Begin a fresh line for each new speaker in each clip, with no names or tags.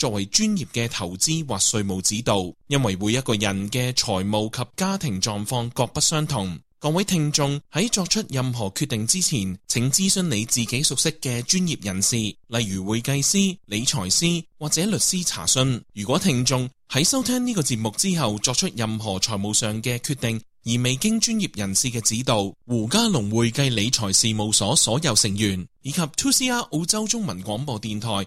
作為專業嘅投資或稅務指導，因為每一個人嘅財務及家庭狀況各不相同。各位聽眾喺作出任何決定之前，請諮詢你自己熟悉嘅專業人士，例如會計師、理財師或者律師查詢。如果聽眾喺收聽呢個節目之後作出任何財務上嘅決定，而未經專業人士嘅指導，胡嘉龍會計理財事務所所有成員以及 2CR 澳洲中文廣播電台。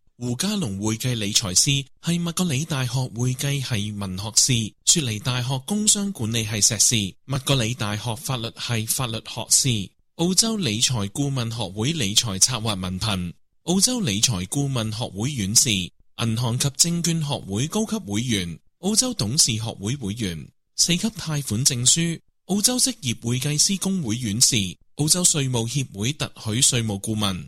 胡家龍會計理財師係麥格理大學會計系文學士，雪梨大學工商管理系碩士，麥格理大學法律系法律學士，澳洲理財顧問學會理財策劃文憑，澳洲理財顧問學會院士，銀行及證券學會高級會員，澳洲董事學會會員，四級貸款證書，澳洲職業會計師公會院士，澳洲稅務協會特許稅務顧問。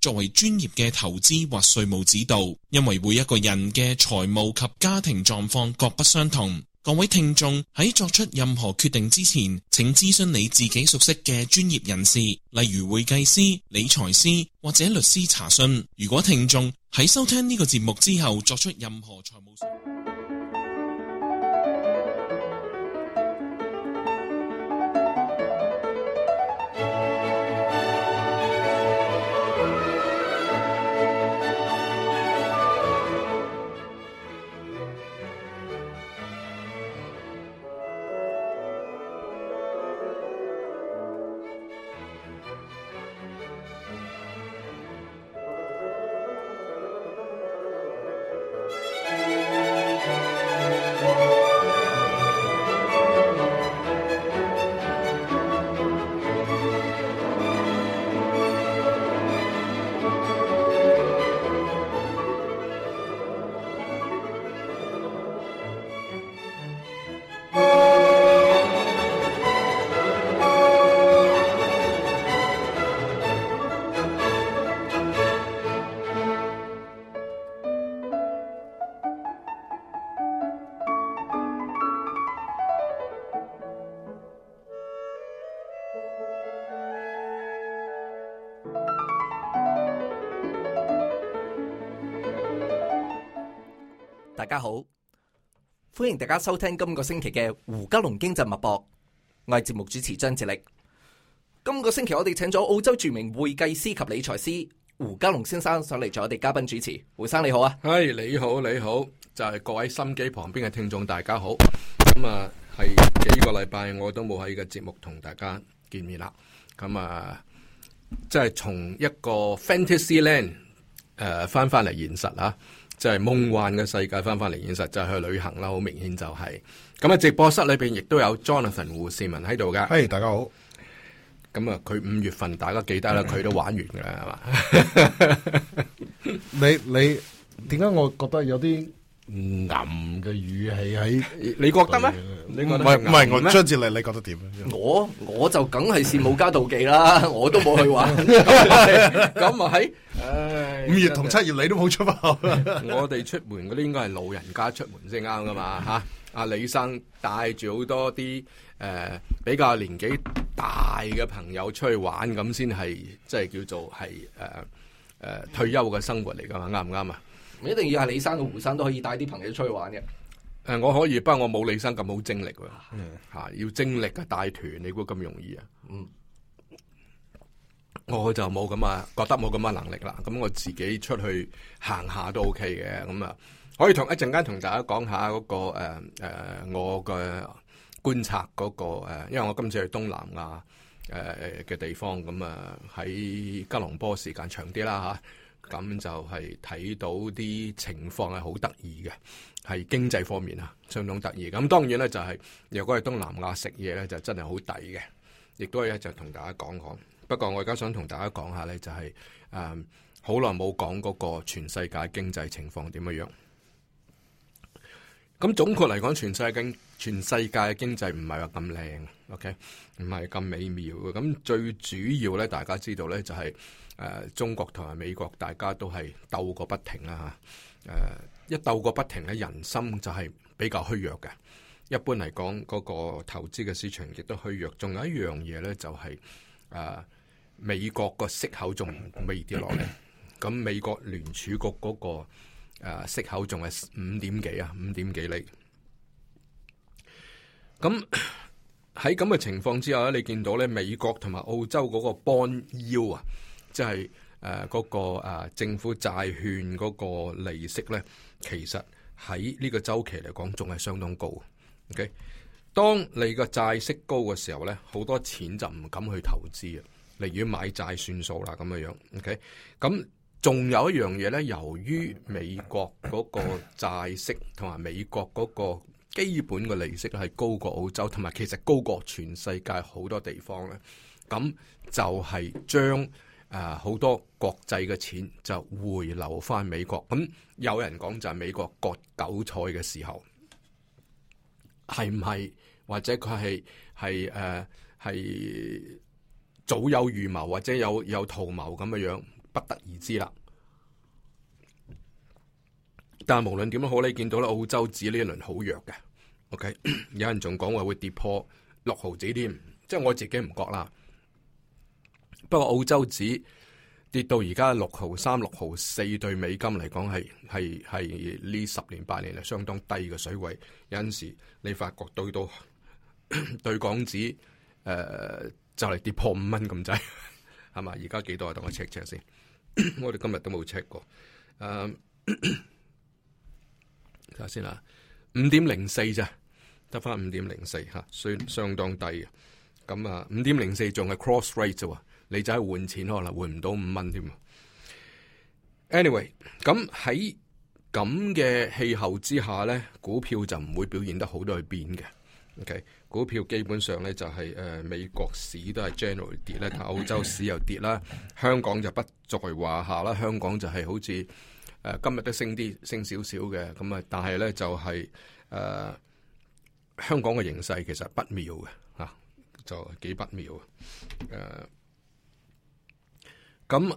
作為專業嘅投資或稅務指導，因為每一個人嘅財務及家庭狀況各不相同。各位聽眾喺作出任何決定之前，請諮詢你自己熟悉嘅專業人士，例如會計師、理財師或者律師查詢。如果聽眾喺收聽呢個節目之後作出任何財務
歡迎大家收聽今個星期嘅胡嘉龍經濟脈搏，我係節目主持張志力。今個星期我哋請咗澳洲著名會計師及理財師胡嘉龍先生上嚟做我哋嘉賓主持。胡
生你好啊，係、hey, 你好你好，就係、是、各位心機旁邊嘅聽眾大家好。咁啊，係幾個禮拜我都冇喺個節目同大家見面啦。咁啊，即係從一個 fantasy land 誒翻翻嚟現實啊。就係夢幻嘅世界翻返嚟現實，就係去旅行啦，好明顯就係、是。咁啊，直播室裏邊亦都有 Jonathan 胡士文喺度㗎。h、hey，大家好。
咁啊，佢五月份大家記得啦，佢都玩完㗎啦，係嘛？ 你你點解我覺得有啲？暗嘅語氣喺，你覺得咩？唔係唔係，我張志麗，你覺得點咧？我我就梗係羨慕加
妒忌啦， 我都冇去玩。咁啊喺，唉、 就是，
哎、五月同七月你都冇出，出門我哋出門嗰啲應該係老人家出門先啱噶嘛？吓、嗯，阿、啊、李生帶住好多啲誒、呃、比較年紀大嘅朋友出去玩，咁先係即係叫做係誒誒退休嘅生活嚟噶嘛？啱唔啱啊？
一定要係李生，個胡生都可以帶啲朋友出去玩嘅。
誒，我可以，不過我冇李生咁好精力。嗯，吓要精力嘅帶團，你估咁容易啊？嗯，我就冇咁啊，覺得冇咁嘅能力啦。咁我自己出去行下都 OK 嘅。咁啊，可以同一陣間同大家講下嗰、那個誒誒、呃，我嘅觀察嗰、那個誒，因為我今次去東南亞誒嘅地方，咁啊喺，吉隆坡時間長啲啦吓。咁就係睇到啲情況係好得意嘅，係經濟方面啊，相當得意。咁當然咧，就係、是、如果係東南亞食嘢咧，就真係好抵嘅。亦都係咧就同大家講講。不過我而家想同大家講下咧、就是，就係誒好耐冇講嗰個全世界經濟情況點樣樣？咁總括嚟講，全世界經濟唔係話咁靚，OK，唔係咁美妙嘅。咁最主要咧，大家知道咧就係、是。誒中國同埋美國大家都係鬥個不停啦嚇！誒一鬥個不停咧，人心就係比較虛弱嘅。一般嚟講，嗰個投資嘅市場亦都虛弱。仲有一樣嘢咧，就係誒美國個息口仲未跌落嚟。咁美國聯儲局嗰個誒息口仲係五點幾啊，五點幾厘。咁喺咁嘅情況之下咧，你見到咧美國同埋澳洲嗰個 bond yield 啊？即係誒，嗰、呃嗰個誒、啊、政府債券嗰個利息咧，其實喺呢個周期嚟講，仲係相當高。OK，當你個債息高嘅時候咧，好多錢就唔敢去投資啊，寧願買債算數啦，咁樣樣。OK，咁仲有一樣嘢咧，由於美國嗰個債息同埋美國嗰個基本嘅利息係高過澳洲，同埋其實高過全世界好多地方咧，咁就係將。誒，好、啊、多國際嘅錢就回流翻美國，咁、嗯、有人講就係美國割韭菜嘅時候，係唔係或者佢係係誒係早有預謀，或者有有圖謀咁嘅樣，不得而知啦。但係無論點樣好，你見到咧，澳洲紙呢一輪好弱嘅，OK， 有人仲講話會跌破六毫紙添，即係我自己唔覺啦。不過澳洲紙跌到而家六毫三、六毫四兌美金嚟講，係係係呢十年八年係相當低嘅水位。有陣時你發覺兌到兌 港紙，誒、呃、就嚟跌破五蚊咁滯，係嘛？而家幾多？等我 check check 先。我哋今日都冇 check 過。誒、呃，睇 下先啦，五點零四咋？得翻五點零四吓，算相當低嘅。咁啊，五點零四仲係 cross rate 啫你就係換錢可能換唔到五蚊添。anyway，咁喺咁嘅氣候之下咧，股票就唔會表現得好到去邊嘅。OK，股票基本上咧就係誒美國市都係 general 跌咧，睇歐洲市又跌啦，香港就不在話下啦。香港就係好似誒今日都升啲，升少少嘅咁啊，但係咧就係、是、誒、呃、香港嘅形勢其實不妙嘅嚇，就幾不妙啊誒。呃咁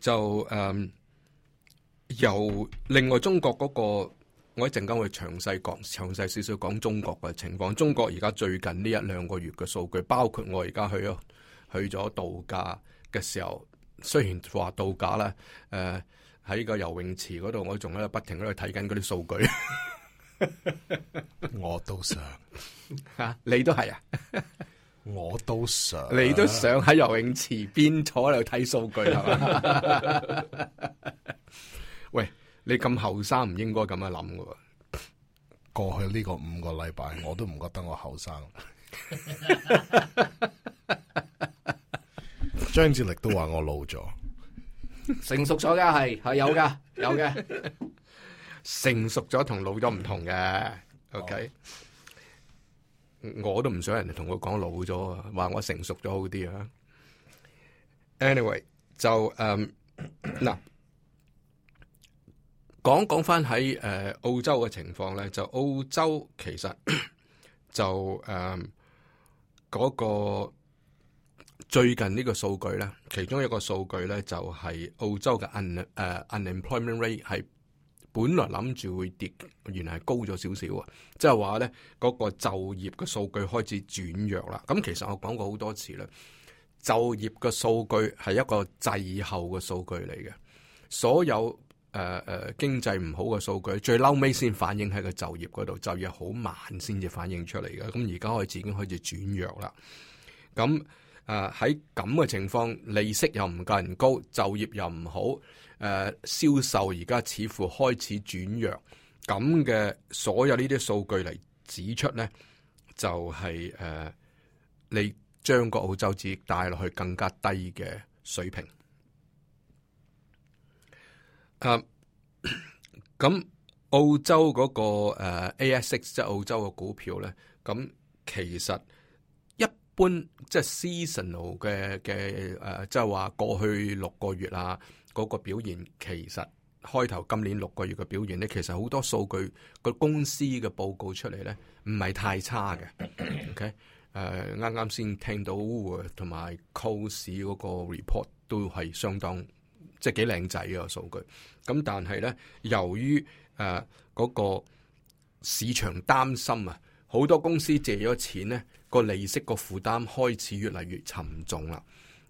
就誒、嗯，由另外中國嗰、那個，我一陣間會詳細講，詳細少少講中國嘅情況。中國而家最近呢一兩個月嘅數據，包括我而家去去咗度假嘅時候，雖然話度假啦，喺、呃、個游泳池嗰度，我仲喺度不停喺度睇緊嗰啲數據。 我
都想吓，你都係啊！我都想，你都想喺
游泳池邊坐喺度睇數據係嘛？ 喂，你咁後生唔應該咁樣諗噶。過去呢個五個禮
拜，我都唔覺得我後生。張 智 力都話我老咗，成熟
咗噶，
係係
有噶
有嘅，
成熟咗同老咗唔同嘅。OK。我都唔想人哋同我講老咗啊，話我成熟咗好啲啊。Anyway，就誒嗱，講講翻喺誒澳洲嘅情況咧，就澳洲其實 就誒、um, 個最近個呢個數據咧，其中一個數據咧就係澳洲嘅誒 un,、uh, unemployment rate 係。本來諗住會跌，原來係高咗少少啊！即係話咧，嗰、那個就業嘅數據開始轉弱啦。咁其實我講過好多次啦，就業嘅數據係一個滯後嘅數據嚟嘅。所有誒誒、呃、經濟唔好嘅數據，最嬲尾先反映喺個就業嗰度，就業好慢先至反映出嚟嘅。咁而家開始已經開始轉弱啦。咁誒喺咁嘅情況，利息又唔夠人高，就業又唔好。誒銷售而家似乎開始轉弱，咁嘅所有呢啲數據嚟指出咧，就係、是、誒、呃、你將個澳洲指帶落去更加低嘅水平。啊、呃，咁澳洲嗰、那個、呃、ASX 即係澳洲嘅股票咧，咁、嗯、其實一般即係、就是、seasonal 嘅嘅誒，即係話過去六個月啦。嗰個表現其實開頭今年六個月嘅表現咧，其實好多數據、個公司嘅報告出嚟咧，唔係太差嘅。 OK，誒、呃，啱啱先聽到同埋 Cos 嗰個 report 都係相當即係幾靚仔嘅數據。咁但係咧，由於誒嗰個市場擔心啊，好多公司借咗錢咧，個利息個負擔開始越嚟越沉重啦。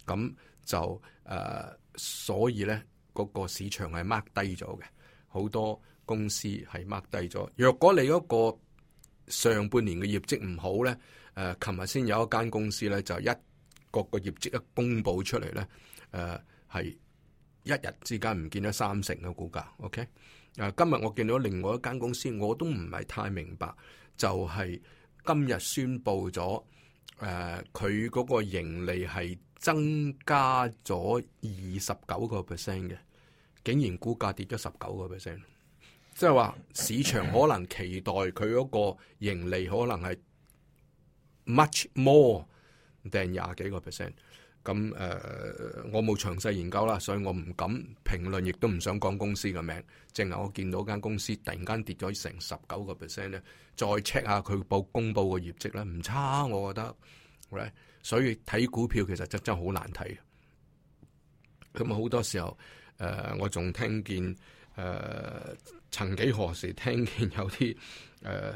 咁就誒。呃所以咧，嗰個市場係掹低咗嘅，好多公司係掹低咗。若果你嗰個上半年嘅業績唔好咧，誒、呃，琴日先有一間公司咧，就一個個業績一公布出嚟咧，誒、呃，係一日之間唔見咗三成嘅股價。OK，誒、呃，今日我見到另外一間公司，我都唔係太明白，就係、係、今日宣布咗，誒、呃，佢嗰個盈利係。增加咗二十九個 percent 嘅，竟然股價跌咗十九個 percent，即係話市場可能期待佢嗰個盈利可能係 much more 定廿幾個 percent。咁誒、呃，我冇詳細研究啦，所以我唔敢評論，亦都唔想講公司嘅名。淨係我見到間公司突然間跌咗成十九個 percent 咧，再 check 下佢報公布嘅業績咧，唔差，我覺得。Right? 所以睇股票其實真真係好難睇，咁啊好多時候，誒、呃、我仲聽見誒、呃，曾幾何時聽見有啲誒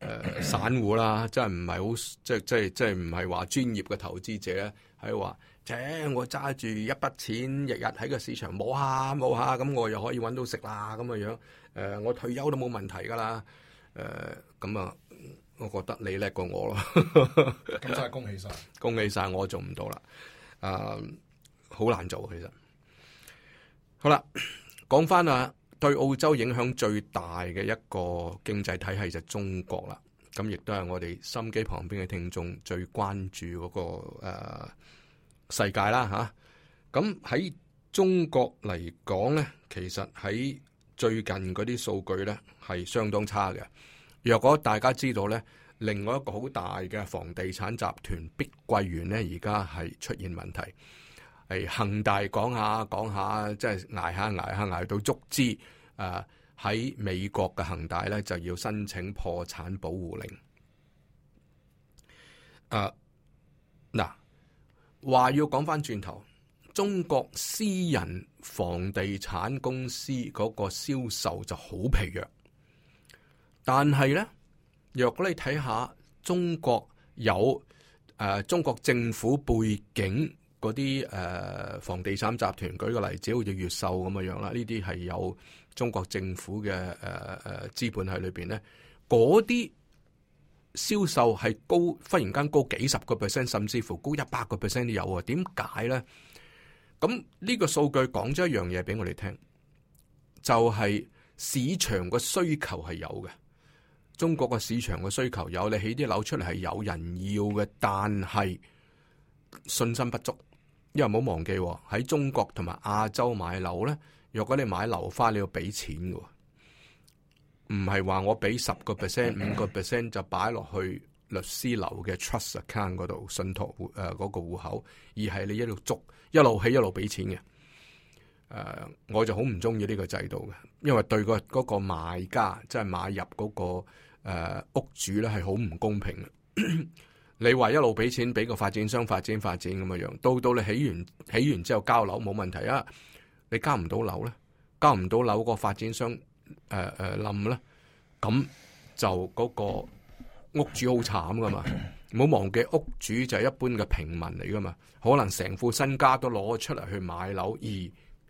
誒散戶啦，真係唔係好，即即即唔係話專業嘅投資者喺度話，誒我揸住一筆錢，日日喺個市場摸下摸下，咁我又可以揾到食啦，咁嘅樣，誒、呃、我退休都冇問題噶啦，誒咁啊。我覺得你叻過我咯，咁就係恭喜晒，恭喜晒，我做唔到啦，啊，好難做其實。好啦，講翻啊，對澳洲影響最大嘅一個經濟體係就係中國啦，咁亦都係我哋心機旁邊嘅聽眾最關注嗰、那個誒、啊、世界啦吓。咁、啊、喺中國嚟講咧，其實喺最近嗰啲數據咧係相當差嘅。若果大家知道呢，另外一個好大嘅房地產集團碧桂園呢，而家係出現問題，係恆大講下講下，即係挨下挨下挨到足之。誒喺美國嘅恆大呢，就要申請破產保護令。誒、啊，嗱，話要講返轉頭，中國私人房地產公司嗰個銷售就好疲弱。但係咧，若果你睇下中國有誒、呃，中國政府背景嗰啲誒房地產集團，舉個例子，好似越秀咁嘅樣啦，呢啲係有中國政府嘅誒誒資本喺裏邊咧，嗰啲銷售係高，忽然間高幾十個 percent，甚至乎高一百個 percent 都有啊！點解咧？咁呢個數據講咗一樣嘢俾我哋聽，就係、是、市場個需求係有嘅。中國個市場嘅需求有，你起啲樓出嚟係有人要嘅，但係信心不足。因為唔好忘記喺中國同埋亞洲買樓咧，若果你買樓花你要俾錢嘅，唔係話我俾十個 percent、五個 percent 就擺落去律師樓嘅 trust account 嗰度信託誒嗰個戶口，而係你一路捉一路起一路俾錢嘅。誒，我就好唔中意呢個制度嘅，因為對個嗰個買家，即係買入嗰個。誒、呃，屋主咧係好唔公平嘅。 你話一路俾錢俾個發展商發展發展咁嘅樣，樣，到到你起完起完之後交樓冇問題啊，你交唔到樓咧，交唔到樓個發展商誒誒冧咧，咁、呃呃、就嗰個屋主好慘噶嘛。唔好忘記屋主就係一般嘅平民嚟噶嘛，可能成副身家都攞出嚟去買樓，而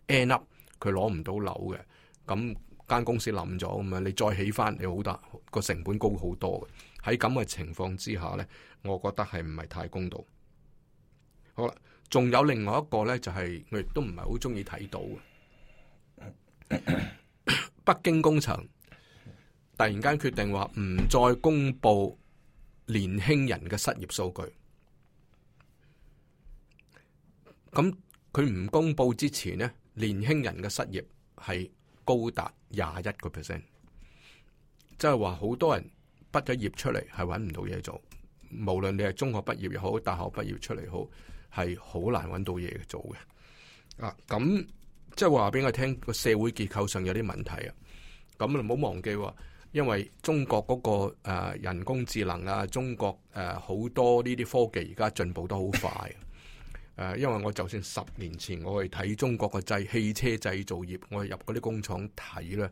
end up 佢攞唔到樓嘅，咁。間公司冧咗咁啊！你再起翻，你好得，個成本高好多嘅。喺咁嘅情況之下呢，我覺得係唔係太公道好。好啦，仲有另外一個呢，就係，就係我亦都唔係好中意睇到嘅。北京工程突然間決定話唔再公布年輕人嘅失業數據。咁佢唔公布之前呢，年輕人嘅失業係。高達廿一個 percent，即係話好多人畢咗業出嚟係揾唔到嘢做，無論你係中學畢業又好，大學畢業出嚟好，係好難揾到嘢做嘅。啊，咁即係話俾我聽，個社會結構上有啲問題啊。咁你唔好忘記，因為中國嗰、那個誒、呃、人工智能啊，中國誒好、呃、多呢啲科技而家進步得好快。 誒，因為我就算十年前我去睇中國嘅製汽車製造業，我入嗰啲工廠睇咧，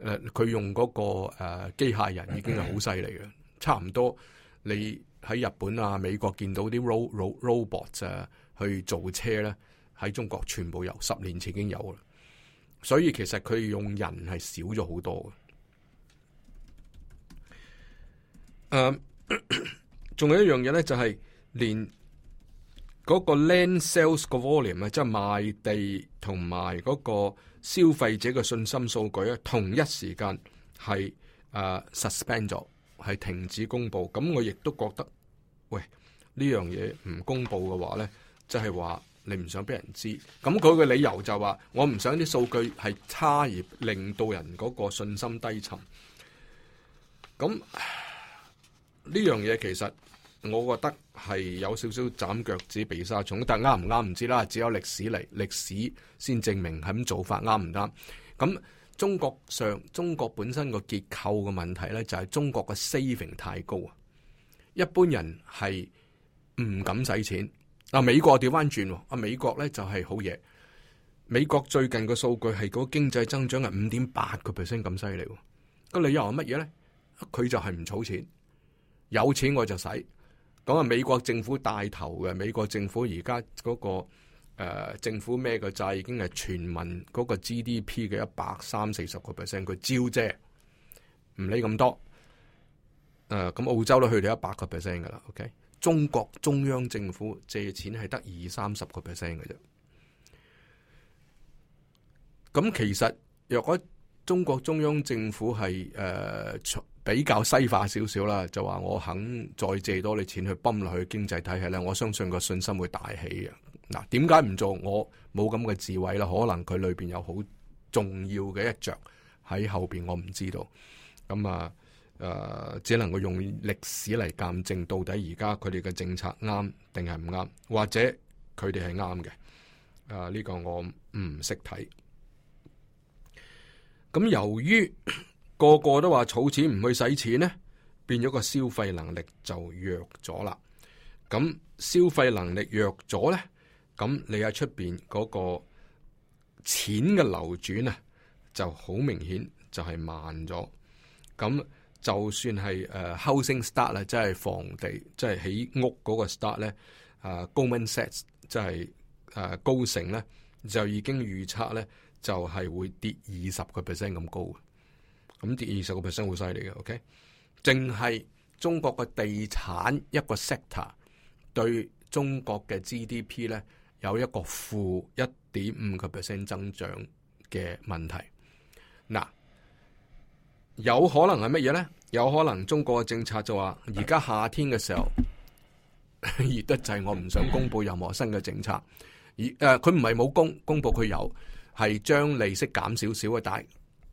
誒，佢用嗰個誒機械人已經係好犀利嘅，差唔多你喺日本啊、美國見到啲 ro robot 啊去做車咧，喺中國全部由十年前已經有啦，所以其實佢用人係少咗好多嘅。誒、嗯，仲有一樣嘢咧，就係連。嗰個 land sales 嘅 volume 啊，即係賣地同埋嗰個消費者嘅信心數據啊，同一時間係啊、uh, suspend 咗，係停止公佈。咁我亦都覺得，喂，呢樣嘢唔公佈嘅話咧，就係、是、話你唔想俾人知。咁佢嘅理由就話，我唔想啲數據係差而令到人嗰個信心低沉。咁呢樣嘢其實。我覺得係有少少斬腳趾，避沙蟲，但啱唔啱唔知啦，只有歷史嚟，歷史先證明係咁做法啱唔啱。咁中國上，中國本身個結構嘅問題咧，就係中國嘅 saving 太高啊。一般人係唔敢使錢，啊美國調翻轉，啊美國咧就係好嘢。美國最近嘅數據係個經濟增長係五點八個 percent 咁犀利，個理由係乜嘢咧？佢就係唔儲錢，有錢我就使。講係美國政府帶頭嘅，美國政府而家嗰個誒、呃、政府咩嘅債已經係全民嗰個 GDP 嘅一百三四十個 percent，佢招啫，唔理咁多。誒、呃，咁澳洲都去到一百個 percent 噶啦。OK，中國中央政府借錢係得二三十個 percent 嘅啫。咁其實若果中國中央政府係誒。呃比較西化少少啦，就話我肯再借多啲錢去泵落去經濟體系咧，我相信個信心會大起嘅。嗱，點解唔做？我冇咁嘅智慧啦，可能佢裏邊有好重要嘅一着喺後邊，我唔知道。咁啊，誒、呃，只能夠用歷史嚟鑒證，到底而家佢哋嘅政策啱定係唔啱，或者佢哋係啱嘅。誒、呃，呢、這個我唔識睇。咁由於。個個都話儲錢唔去使錢咧，變咗個消費能力就弱咗啦。咁消費能力弱咗咧，咁你喺出邊嗰個錢嘅流轉啊，就好明顯就係慢咗。咁就算係誒 housing start 咧，即係房地即係起屋嗰個 start 咧，啊 Goldman Sachs 即係誒高盛咧，就已經預測咧就係會跌二十個 percent 咁高。咁跌二十個 percent 好犀利嘅，OK？淨係中國嘅地產一個 sector 對中國嘅 GDP 咧，有一個負一點五個 percent 增長嘅問題。嗱，有可能係乜嘢咧？有可能中國嘅政策就話而家夏天嘅時候熱得滯，的 就我唔想公布任何新嘅政策。而誒，佢唔係冇公公布，佢有係將利息減少少啊，但係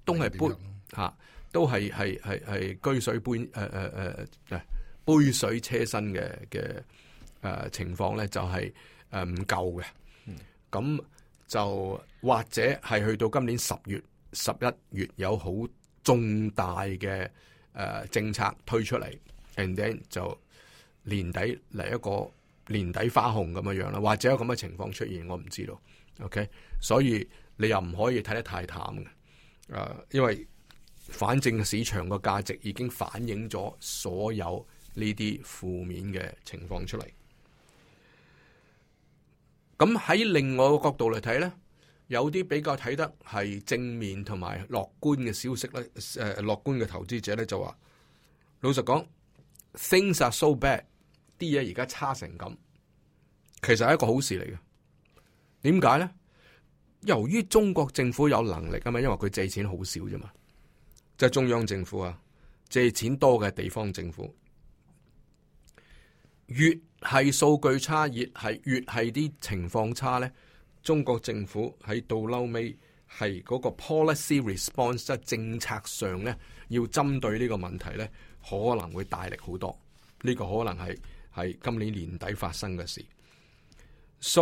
都係杯。吓、啊，都係係係係杯水杯誒誒誒杯水車薪嘅嘅誒情況咧，嗯、就係誒唔夠嘅。咁就或者係去到今年十月、十一月有好重大嘅、誒、呃、政策推出嚟 and then 就年底嚟一個年底花紅咁樣樣啦，或者有咁嘅情況出現，我唔知道。OK，所以你又唔可以睇得太淡嘅、誒、呃，因為。反正市場個價值已經反映咗所有呢啲負面嘅情況出嚟。咁喺另外個角度嚟睇咧，有啲比較睇得係正面同埋樂觀嘅消息咧。誒，樂觀嘅投資者咧就話：老實講，Things are so bad，啲嘢而家差成咁，其實係一個好事嚟嘅。點解咧？由於中國政府有能力啊嘛，因為佢借錢好少啫嘛。即係中央政府啊，借錢多嘅地方政府越係數據差，越係越係啲情況差呢中國政府喺到嬲尾係嗰個 policy response，即政策上呢要針對呢個問題呢可能會大力好多。呢個可能係係今年年底發生嘅事。So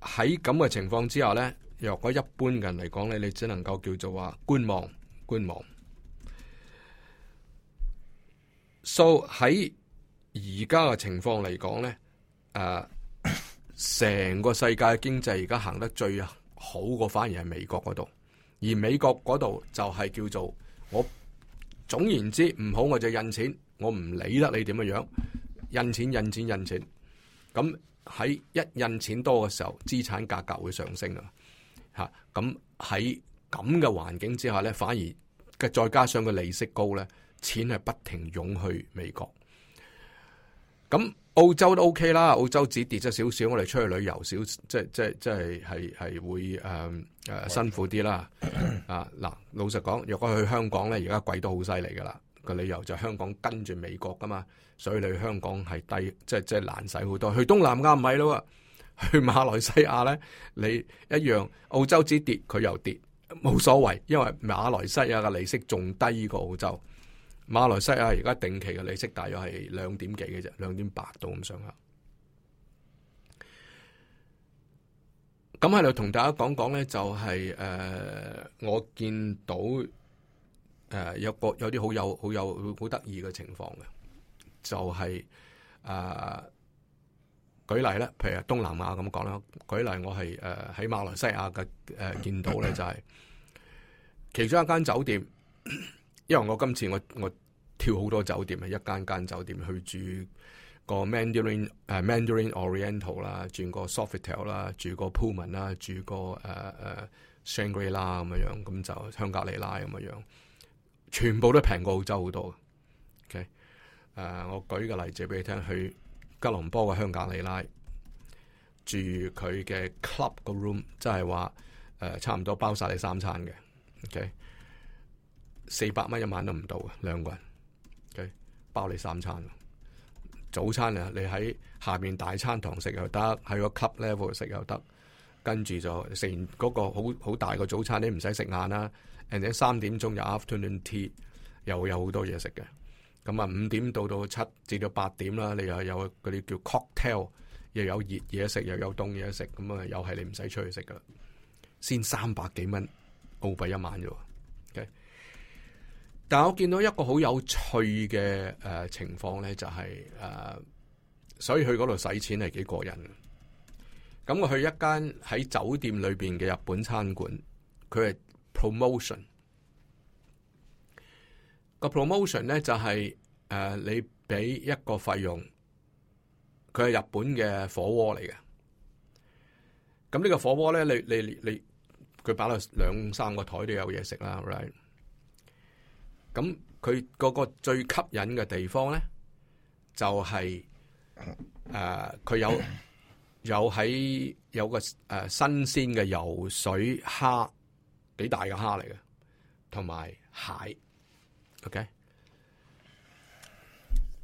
喺咁嘅情況之下呢若果一般人嚟講呢你只能夠叫做話觀望。觀望，所以喺而家嘅情況嚟講咧，誒，成個世界嘅經濟而家行得最好嘅，反而係美國嗰度。而美國嗰度就係叫做我，總言之唔好，我就印錢，我唔理得你點樣，印錢印錢印錢。咁喺一印錢多嘅時候，資產價格會上升啊。吓，咁喺咁嘅環境之下咧，反而。再加上嘅利息高咧，錢係不停湧去美國。咁澳洲都 OK 啦，澳洲只跌咗少少，我哋出去旅遊少，即係即係即係係係會誒誒、呃、辛苦啲啦。啊嗱，老實講，若果去香港咧，而家貴都好犀利噶啦。個理由就香港跟住美國噶嘛，所以你去香港係低，即係即係難使好多。去東南亞咪咯，去馬來西亞咧，你一樣澳洲只跌，佢又跌。冇所謂，因為馬來西亞嘅利息仲低過澳洲。馬來西亞而家定期嘅利息大約係兩點幾嘅啫，兩點八到咁上下。咁喺度同大家講講咧，就係誒、呃，我見到誒、呃、有個有啲好有好有好得意嘅情況嘅，就係誒。呃舉例咧，譬如啊，東南亞咁講啦。舉例我，我係誒喺馬來西亞嘅誒見到咧，就係、是、其中一間酒店，因為我今次我我跳好多酒店啊，一間間酒店去住個 Mandarin,、uh, Mandarin 誒 Mandarin Oriental 啦，住個 Sofitel 啦，住個 Pullman 啦，住個誒誒、uh, uh, Shangri-La 咁樣樣，咁就香格里拉咁樣樣，全部都平過澳洲好多。OK，誒、呃，我舉個例子俾你聽去。吉隆坡個香格里拉住佢嘅 club 個 room，即係話誒差唔多包晒你三餐嘅，ok 四百蚊一晚都唔到啊，兩個人，ok 包你三餐，早餐啊你喺下面大餐堂食又得，喺個 club level 食又得，跟住就食完嗰個好好大個早餐，你唔使食晏啦，而且三點鐘有 afternoon tea，又有好多嘢食嘅。咁啊，五點到到七至到八點啦，你又有嗰啲叫 cocktail，又有熱嘢食，又有凍嘢食，咁啊又係你唔使出去食噶，先三百幾蚊澳幣一晚啫。Okay? 但係我見到一個好有趣嘅誒、呃、情況咧、就是，就係誒，所以去嗰度使錢係幾過癮。咁我去一間喺酒店裏邊嘅日本餐館，佢係 promotion。個 promotion 咧就係、是、誒、呃、你俾一個費用，佢係日本嘅火鍋嚟嘅。咁呢個火鍋咧，你你你佢擺落兩三個台都有嘢食啦，right？咁佢個個最吸引嘅地方咧，就係誒佢有有喺有個誒、呃、新鮮嘅游水蝦，幾大嘅蝦嚟嘅，同埋蟹。OK，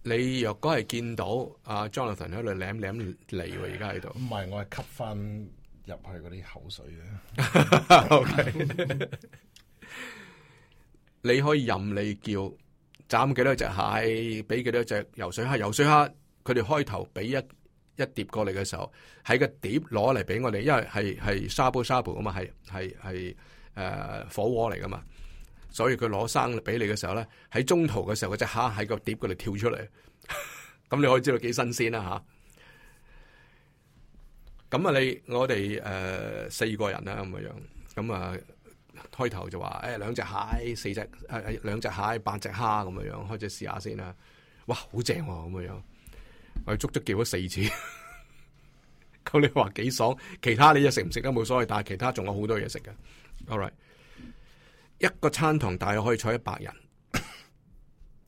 你若果係見到阿 Jonathan 喺度舐舐脷喎，而家喺度。
唔係，我係吸翻入去嗰啲口水嘅。 OK，
你可以任你叫，斬幾多隻蟹，俾幾多隻游水蝦。游水蝦佢哋開頭俾一一碟過嚟嘅時候，喺個碟攞嚟俾我哋，因為係係沙煲沙煲啊嘛，係係係誒火鍋嚟㗎嘛。所以佢攞生嚟俾你嘅時候咧，喺中途嘅時候，嗰隻蝦喺個碟嗰度跳出嚟，咁你可以知道幾新鮮啦吓。咁啊，你我哋誒、呃、四個人啦咁嘅樣，咁啊開頭就話誒兩隻蟹，四隻誒誒兩隻蟹，八隻蝦咁嘅樣，開始試下先啦。哇，好正咁嘅樣，我哋足足叫咗四次，咁你話幾爽？其他你嘢食唔食都冇所謂，但係其他仲有好多嘢食㗎。All right。一個餐堂大約可以坐一百人，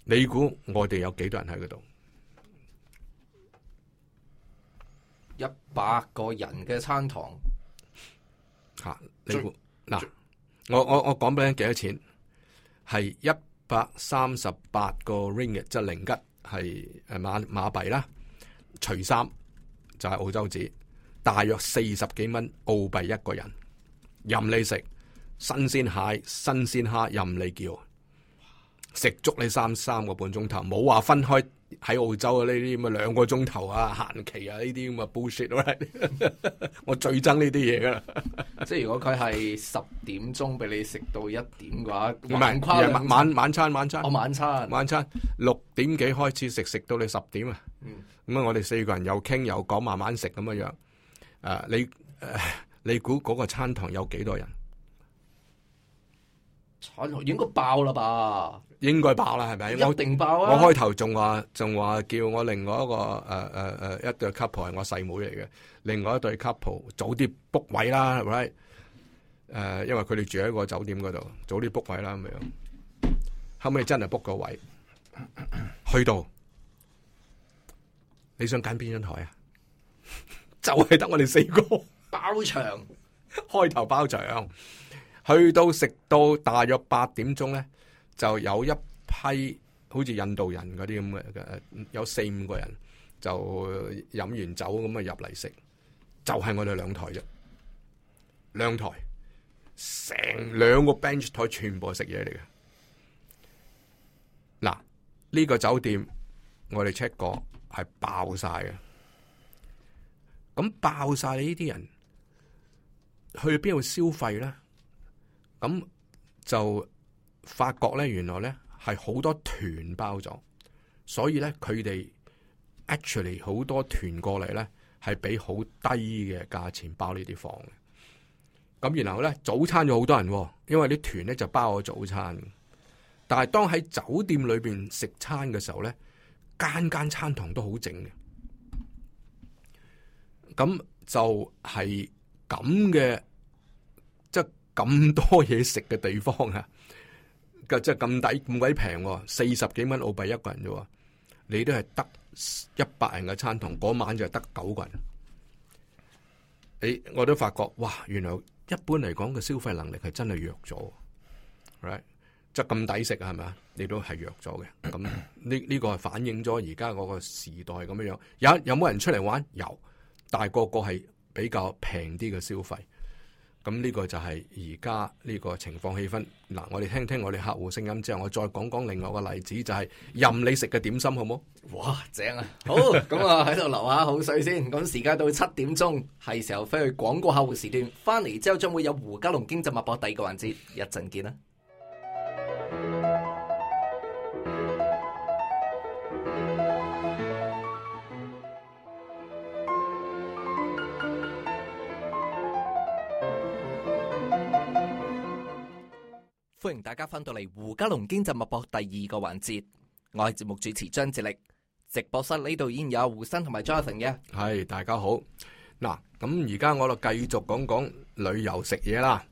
你估我哋有幾多人喺嗰度？
一百個人嘅餐堂
吓、啊，你估嗱、啊？我我我講俾你聽幾多錢？係一百三十八個 ringgit 嘅，即零吉係誒馬馬幣啦，除三就係、是、澳洲紙，大約四十幾蚊澳幣一個人，任你食。新鮮蟹、新鮮蝦，任你叫食足你三三個半鐘頭，冇話分開喺澳洲啊。呢啲咁嘅兩個鐘頭啊，限期啊呢啲咁嘅 bullshit、right?
我最憎呢啲嘢噶啦，即係如果佢係十點鐘俾你食到一點嘅話，唔 晚晚
晚餐晚餐、oh, 晚餐晚餐六點幾開始食，食到你十點啊。咁啊、嗯，我哋四個人又傾又講，慢慢食咁樣。誒、呃，你誒、呃、你估嗰個餐堂有幾多人？
應該爆啦吧？
應該爆啦，係咪？有定爆啊！我開頭仲話仲話叫我另外一個誒誒誒一對 couple 係我細妹嚟嘅，另外一對 couple 早啲 book 位啦，係咪？誒，因為佢哋住喺個酒店嗰度，早啲 book 位啦咁樣。後尾真係 book 個位，去到你想揀邊張台啊？ 就係得我哋四個 包場，開頭包場。去到食到大約八點鐘咧，就有一批好似印度人嗰啲咁嘅，有四五個人就飲完酒咁啊入嚟食，就係、是、我哋兩台啫，兩台成兩個 bench 台全部食嘢嚟嘅。嗱，呢、這個酒店我哋 check 過係爆晒嘅，咁爆晒你呢啲人去邊度消費咧？咁就發覺咧，原來咧係好多團包咗，所以咧佢哋 actually 好多團過嚟咧，係俾好低嘅價錢包呢啲房嘅。咁然後咧早餐有好多人，因為啲團咧就包咗早餐。但係當喺酒店裏邊食餐嘅時候咧，間間餐堂都好整嘅。咁就係咁嘅。咁多嘢食嘅地方啊，即係咁抵咁鬼平，四十幾蚊澳幣一個人啫，你都係得一百人嘅餐堂，嗰晚就得九個人。你、哎、我都發覺，哇！原來一般嚟講嘅消費能力係真係弱咗，right？即係咁抵食啊，係咪啊？你都係弱咗嘅。咁呢呢個係反映咗而家嗰個時代咁樣樣，有有冇人出嚟玩？有，但係個個係比較平啲嘅消費。咁呢個就係而家呢個情況氣氛嗱，我哋聽聽我哋客戶聲音之後，我再講講另外一個例子，就係、是、任你食嘅點心，好唔
好？哇，正啊！好，咁啊喺度流下口水先。咁時間到七點鐘，係時候飛去廣告客戶時段，翻嚟之後將會有胡嘉龍經濟脈搏第二個環節，一陣見啦。歡迎大家翻到嚟胡嘉龍經濟脈搏第二個環節，我係節目主持張智力，直播室呢度已經有胡生同埋 Jonathan 嘅，係，大家好。嗱，咁而家
我就繼續講講旅遊食嘢啦，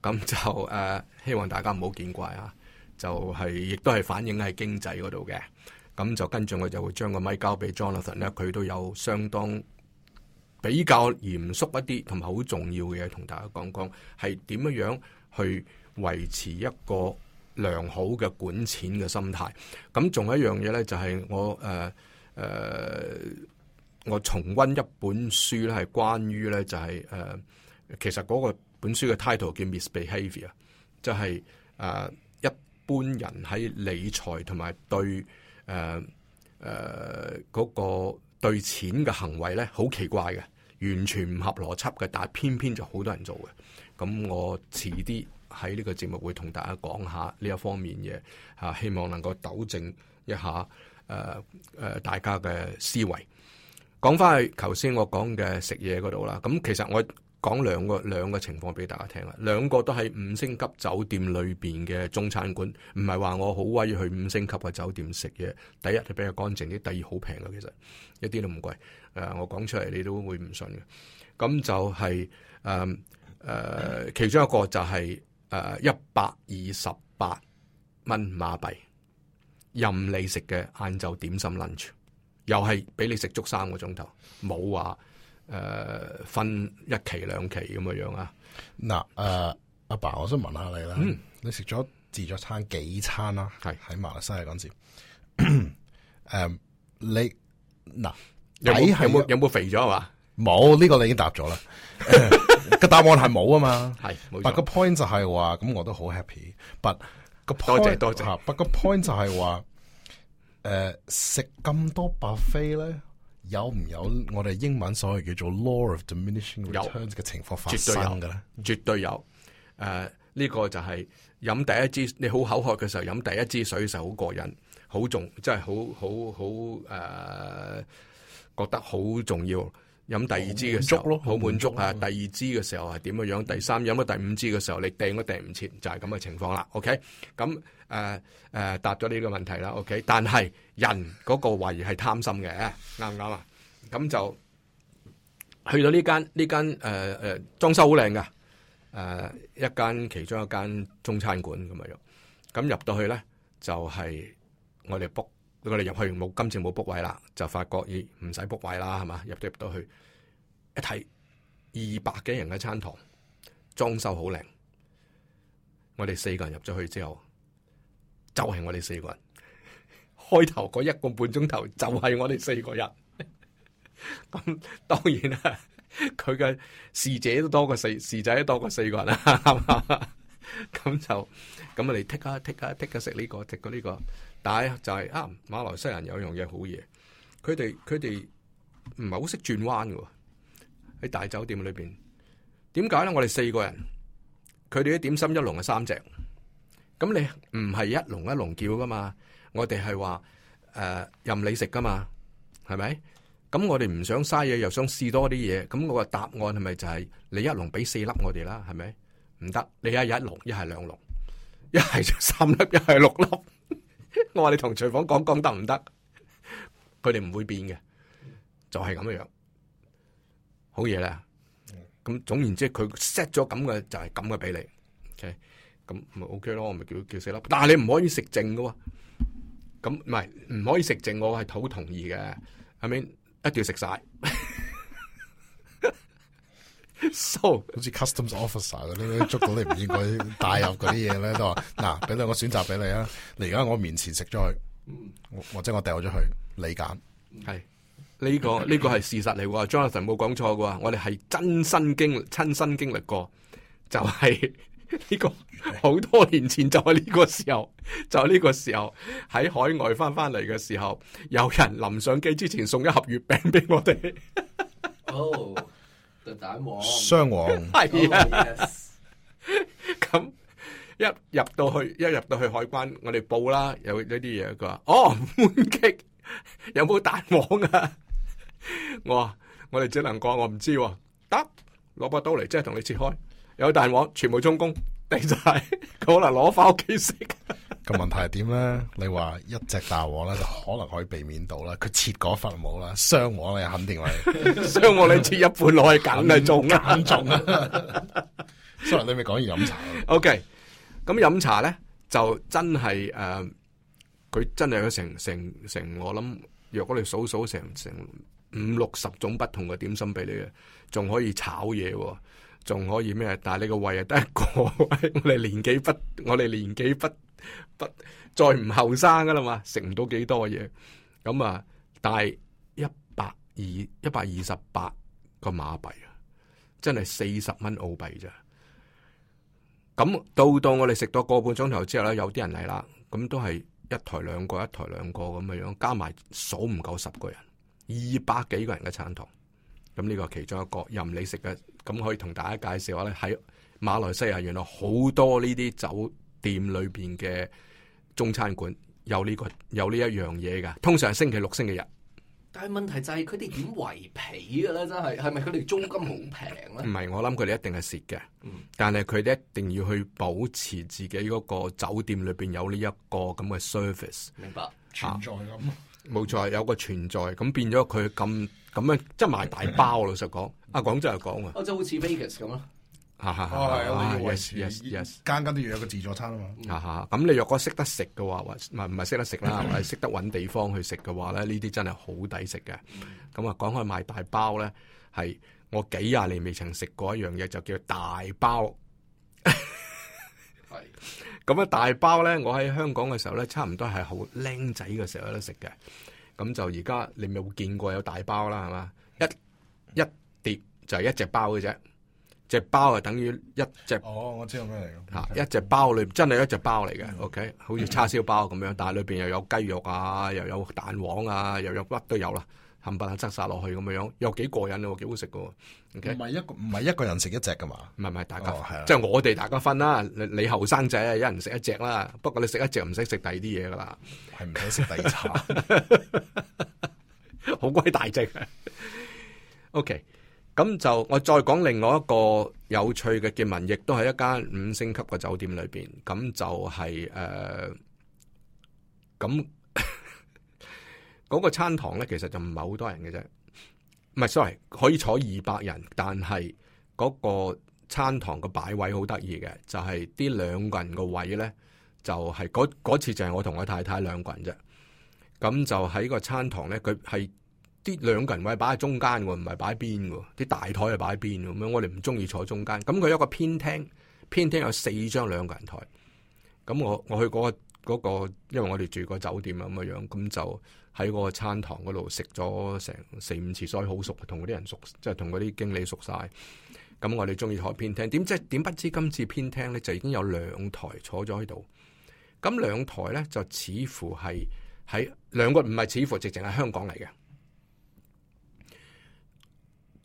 咁就誒、呃、希望大家唔好見怪啊，就係、是、亦都係反映喺經濟嗰度嘅，咁就跟住我就會將個麥交俾 Jonathan 咧，佢都有相當比較嚴肅一啲，同埋好重要嘅嘢，同大家講講係點樣樣去。維持一個良好嘅管錢嘅心態，咁仲有一樣嘢咧，就係我誒誒，我重温一本書咧，係關於咧、就係，就係誒，其實嗰個本書嘅 title 叫 Misbehaviour，就係、係、誒、呃、一般人喺理財同埋對誒誒嗰個對錢嘅行為咧，好奇怪嘅，完全唔合邏輯嘅，但係偏偏就好多人做嘅，咁我遲啲。喺呢個節目會同大家講下呢一方面嘅啊，希望能夠糾正一下誒誒、呃呃、大家嘅思維。講翻去頭先我講嘅食嘢嗰度啦，咁其實我講兩個兩個情況俾大家聽啦，兩個都喺五星級酒店裏邊嘅中餐館，唔係話我好威去五星級嘅酒店食嘢。第一係比較乾淨啲，第二好平嘅，其實一啲都唔貴。誒、呃，我講出嚟你都會唔信嘅。咁就係誒誒，其中一個就係、是。誒，一百二十八蚊馬幣任你食嘅晏晝點心 lunch，又係俾你食足三個鐘頭，冇話誒分一
期兩期咁嘅樣啊！嗱、呃，阿阿爸，我想問下你啦，嗯、你食咗自助餐幾餐啦？係喺馬來西亞嗰時，誒是，um, 你嗱，
體、呃、重
有冇是肥咗啊？嘛，冇、這、呢個你已經答咗啦。 個 答案係冇啊嘛，係冇錯。但個 point 就係話，咁我都好 happy。但個多謝多謝。但個 point 就係話，誒食咁多 buffet 咧，有唔有我哋英文所謂叫做 law of diminishing returns 有嘅情況發生嘅
咧？絕對有。誒、呃，呢、這個就係、是、飲第一支，你好口渴嘅時候飲第一支水就好過癮，好重，即係好好好誒，覺得好重要。飲第二支嘅時候，好滿足啊！第二支嘅時候係點樣、啊、樣？第三飲咗第五支嘅時候，你掟都掟唔切，就係咁嘅情況啦。OK，咁誒誒答咗呢個問題啦。OK，但係人嗰個胃係貪心嘅，啱唔啱啊？咁就去到呢間呢間誒誒、呃、裝修好靚㗎誒一間其中一間中餐館咁啊樣，咁入到去咧就係、是、我哋 b 我哋入去冇今次冇 book 位啦，就發覺咦唔使 book 位啦，係嘛？入得入到去，進去一睇二百幾人嘅餐堂，裝修好靚。我哋四個人入咗去之後，就係、是、我哋四個人。開頭嗰一個半鐘頭就係我哋四個人。咁 當然啊，佢嘅侍者都多過四侍仔，都多過四個人啊。咁 就咁我哋剔下、剔下、剔下食呢個，剔過呢個。但就係啊，馬來西人有一樣嘢好嘢，佢哋佢哋唔係好識轉彎嘅喎。喺大酒店裏邊，點解咧？我哋四個人，佢哋啲點心一籠係三隻，咁你唔係一籠一籠叫噶嘛？我哋係話誒任你食噶嘛，係咪？咁我哋唔想嘥嘢，又想試多啲嘢，咁我個答案係咪就係你一籠俾四粒我哋啦？係咪？唔得，你係一籠，一係兩籠，一係三粒，一係六粒。我話你同廚房講講得唔得？佢哋唔會變嘅，就係咁樣樣，好嘢啦。咁總言之佢 set 咗咁嘅就係咁嘅畀你。OK 咁咪 OK 咯、OK。我咪叫叫四粒，但係你唔可以食剩㗎。咁唔係唔可以食剩，我係好同意嘅。後 I 屘 mean, 一定要食晒。
So，好似 customs officer 啲捉到你唔應該帶入嗰啲嘢咧， 都話嗱，俾兩個選擇俾你啊！你而家我面前食咗佢，或者我掉咗佢，你揀。
係呢個呢個係事實嚟噶，Jonathan 冇講錯噶，我哋係真身經親身經歷過，就係呢個好多年前就係呢個時候，就呢個時候喺海外翻翻嚟嘅時候，有人臨上機之前送一盒月餅俾我哋。哦。
Oh.
雙黃係啊，咁、 oh、my yes. 一入到去，一入到去海關，我哋報啦，有、哦、有啲嘢，佢話哦滿擊有冇蛋黃啊？哦、我我哋只能講我唔知、啊，得攞把刀嚟即係同你切開，有蛋黃全部充公，你就佢、是、可能攞翻屋企
食。咁 問題係點咧？你話一隻大鑊咧，就可能可以避免到啦。佢切嗰份冇啦，雙鑊你肯定係雙鑊。 你切一半落去梗係眼重中。蘇然 你咪講而飲茶 O K，咁飲茶咧
就真係誒，佢、呃、真係有成成成，我諗若果你數數成成五六十種不同嘅點心俾你嘅，仲可以炒嘢，仲可以咩？但係你個胃又得一個，我哋年紀不，我哋年紀不。再不再唔後生噶啦嘛，食唔到幾多嘢，咁啊，但係一百二一百二十八個馬幣啊，真係四十蚊澳幣咋？咁到到我哋食到個半鐘頭之後咧，有啲人嚟啦，咁都係一台兩個，一台兩個咁嘅樣，加埋數唔夠十個人，二百幾個人嘅餐堂，咁呢個其中一個任你食嘅，咁可以同大家介紹下咧，喺馬來西亞，原來好多呢啲酒。店裏邊嘅中餐館有呢、呢個有呢一樣嘢噶，通常係星期六、星期日。
但係問題就係佢哋點圍皮噶咧？真係係咪佢哋租金好平咧？唔
係，我諗佢哋一定係蝕嘅。嗯、但係佢哋一定要去保持自己嗰個酒店裏邊有呢一個咁嘅 service
明白，啊、存
在咁。
冇錯，有個存在咁變咗佢，咁咁樣，即係賣大包我老實講。啊，廣州係講啊，廣
州好似
Vegas 咁啊。
啊啊啊！係，
我間間都要有個自助餐啊嘛。嗯、啊哈，
咁你若果識得食嘅話， 或唔係唔係識得食啦，係識得揾地方去食嘅話咧，呢啲真係好抵食嘅。咁、嗯嗯、啊，講開賣大包咧，係我幾廿年未曾食過一樣嘢，就叫大包。係。咁啊，大包咧，我喺香港嘅時候咧，差唔多係好僆仔嘅時候有得食嘅。咁就而家你咪會見過有大包啦，係嘛？一一碟就係一隻包嘅啫。隻包啊，等於一隻哦，我知道咩嚟嘅吓，一隻包裏面真係一隻包嚟嘅。嗯、，OK，好似叉燒包咁樣，但係裏邊又有雞肉啊，又有蛋黃啊，又有乜都有啦，冚唪唥塞晒落去咁樣樣，又幾過癮咯，幾好食嘅，OK? 唔係一
唔係一個人食一隻噶嘛，唔係唔係大家係，即係、
哦、我哋大家分啦，你你後生仔啊一人食一隻啦，不過你食一隻唔使食第二啲嘢噶啦，係唔使食第二餐，好鬼大隻，OK。咁就我再講另外一個有趣嘅見聞，亦都係一間五星級嘅酒店裏邊。咁就係、是、誒，咁、呃、嗰 個餐堂咧，其實就唔係好多人嘅啫。唔係，sorry，可以坐二百人，但係嗰個餐堂嘅擺位好得意嘅，就係啲兩個人嘅位咧，就係嗰嗰次就係我同我太太兩個人啫。咁就喺個餐堂咧，佢係。啲兩個人位擺喺中間喎，唔係擺邊嘅喎。啲大台係擺邊嘅咁樣，我哋唔中意坐中間。咁佢有個偏廳，偏廳有四張兩個人台。咁我我去嗰個、嗰個、因為我哋住個酒店咁嘅樣，咁就喺個餐堂嗰度食咗成四五次，所以好熟，同嗰啲人熟，即係同嗰啲經理熟晒。咁我哋中意坐偏廳。點即係點不知今次偏廳咧，就已經有兩台坐咗喺度。咁兩台咧就似乎係喺兩個唔係，似乎直情係香港嚟嘅。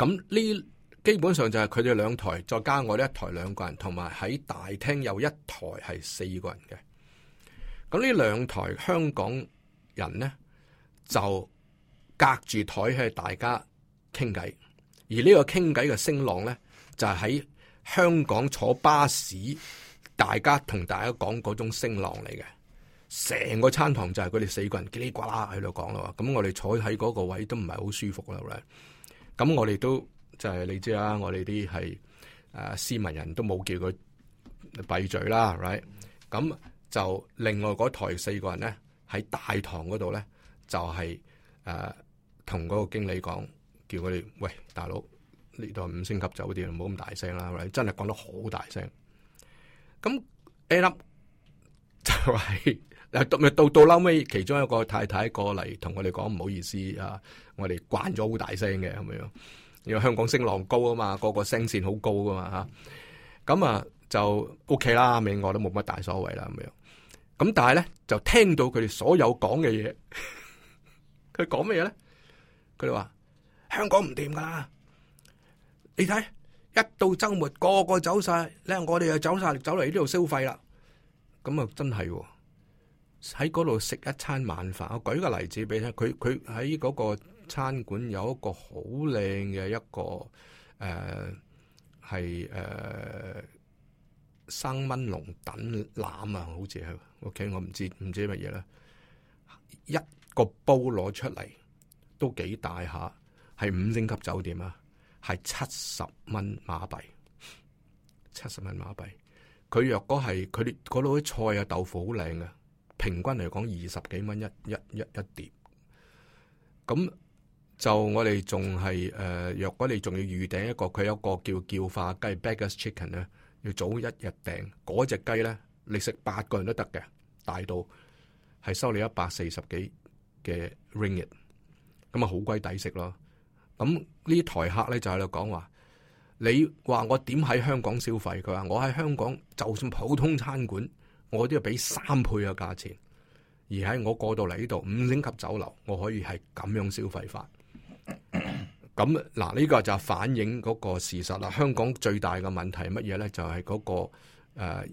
咁呢？基本上就係佢哋兩台，再加我呢一台，兩個人，同埋喺大廳有一台係四個人嘅。咁呢兩台香港人呢，就隔住台喺大家傾偈，而個呢個傾偈嘅聲浪咧，就係、是、喺香港坐巴士，大家同大家講嗰種聲浪嚟嘅。成個餐堂就係佢哋四個人嘰里呱啦喺度講咯。咁我哋坐喺嗰個位都唔係好舒服啦，好咧。咁我哋都就係、是、你知啦，我哋啲係誒市民人都冇叫佢閉嘴啦，right？咁就另外嗰台四個人咧，喺大堂嗰度咧，就係誒同嗰個經理講，叫佢哋喂，大佬呢度，五星級酒店，唔好咁大聲啦，right? 真係講得好大聲。咁 A 粒就係、是。誒，到咪到到嬲尾，其中一個太太過嚟同我哋講唔好意思啊，我哋慣咗好大聲嘅，咁樣，因為香港聲浪高啊嘛，個個聲線好高噶嘛吓，咁啊就 O K 啦，另外都冇乜大所謂啦咁樣，咁但係咧就聽到佢哋所有講嘅嘢，佢講咩嘢咧？佢哋話香港唔掂噶，你睇一到周末個個走晒咧，我哋又走晒，走嚟呢度消費啦，咁啊真係。喺嗰度食一餐晚飯，我舉個例子俾你。佢佢喺嗰個餐館有一個好靚嘅一個誒係誒生炆龍躉腩啊，好似係 OK 喎。我唔知唔知乜嘢啦，一個煲攞出嚟都幾大下，係五星級酒店啊，係七十蚊馬幣，七十蚊馬幣。佢若果係佢哋度啲菜啊，豆腐好靚啊。平均嚟講二十幾蚊一一一一碟，咁就我哋仲係誒，若、呃、果你仲要預訂一個，佢有一個叫叫化雞 （Beggar's Chicken） 咧，要早一日訂嗰隻雞咧，你食八個人都得嘅，大到係收你一百四十幾嘅 ringgit，咁啊好鬼抵食咯。咁呢啲台客咧就喺度講話，你話我點喺香港消費？佢話我喺香港就算普通餐館。我都要俾三倍嘅價錢，而喺我過到嚟呢度五星級酒樓，我可以係咁樣消費法。咁嗱呢個就係反映嗰個事實啦。香港最大嘅問題係乜嘢咧？就係嗰個呃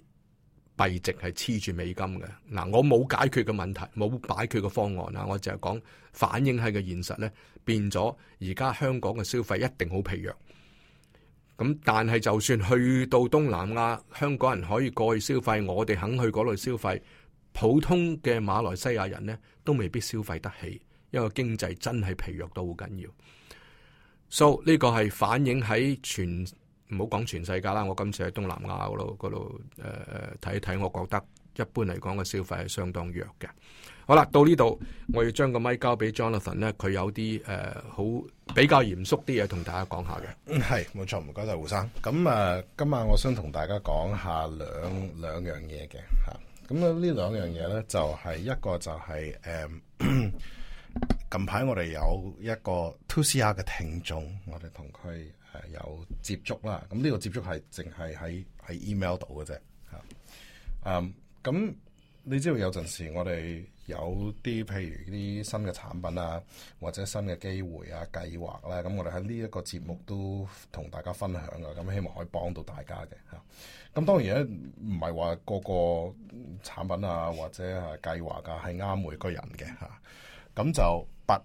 幣值係黐住美金嘅。嗱，我冇解決嘅問題，冇擺脫嘅方案啦。我就係講反映喺個現實咧，變咗而家香港嘅消費一定好疲弱。咁但係就算去到東南亞，香港人可以過去消費，我哋肯去嗰度消費，普通嘅馬來西亞人呢都未必消費得起，因為經濟真係疲弱到好緊要。So 呢個係反映喺全，唔好講全世界啦。我今次喺東南亞嗰度嗰度誒睇一睇，呃、看看我覺得一般嚟講嘅消費係相當弱嘅。好啦，到呢度，我要將個麥交俾 Jonathan 咧，佢有
啲誒好比較嚴肅啲嘢同大家講下嘅。係，冇錯，唔該晒，胡生。咁啊，今晚我想同大家講下兩兩樣嘢嘅吓。咁啊，啊兩呢兩樣嘢咧，就係、是、一個就係、是、誒、啊， 近排我哋有一個 t u c i r 嘅聽眾，我哋同佢誒有接觸啦。咁呢個接觸係淨係喺喺 email 度嘅啫吓。咁、啊啊、你知道有陣時我哋。有啲譬如啲新嘅產品啊，或者新嘅機會啊、計劃咧，咁我哋喺呢一個節目都同大家分享嘅，咁希望可以幫到大家嘅吓。咁當然咧，唔係話個個產品啊或者係計劃噶係啱每個人嘅吓。咁就但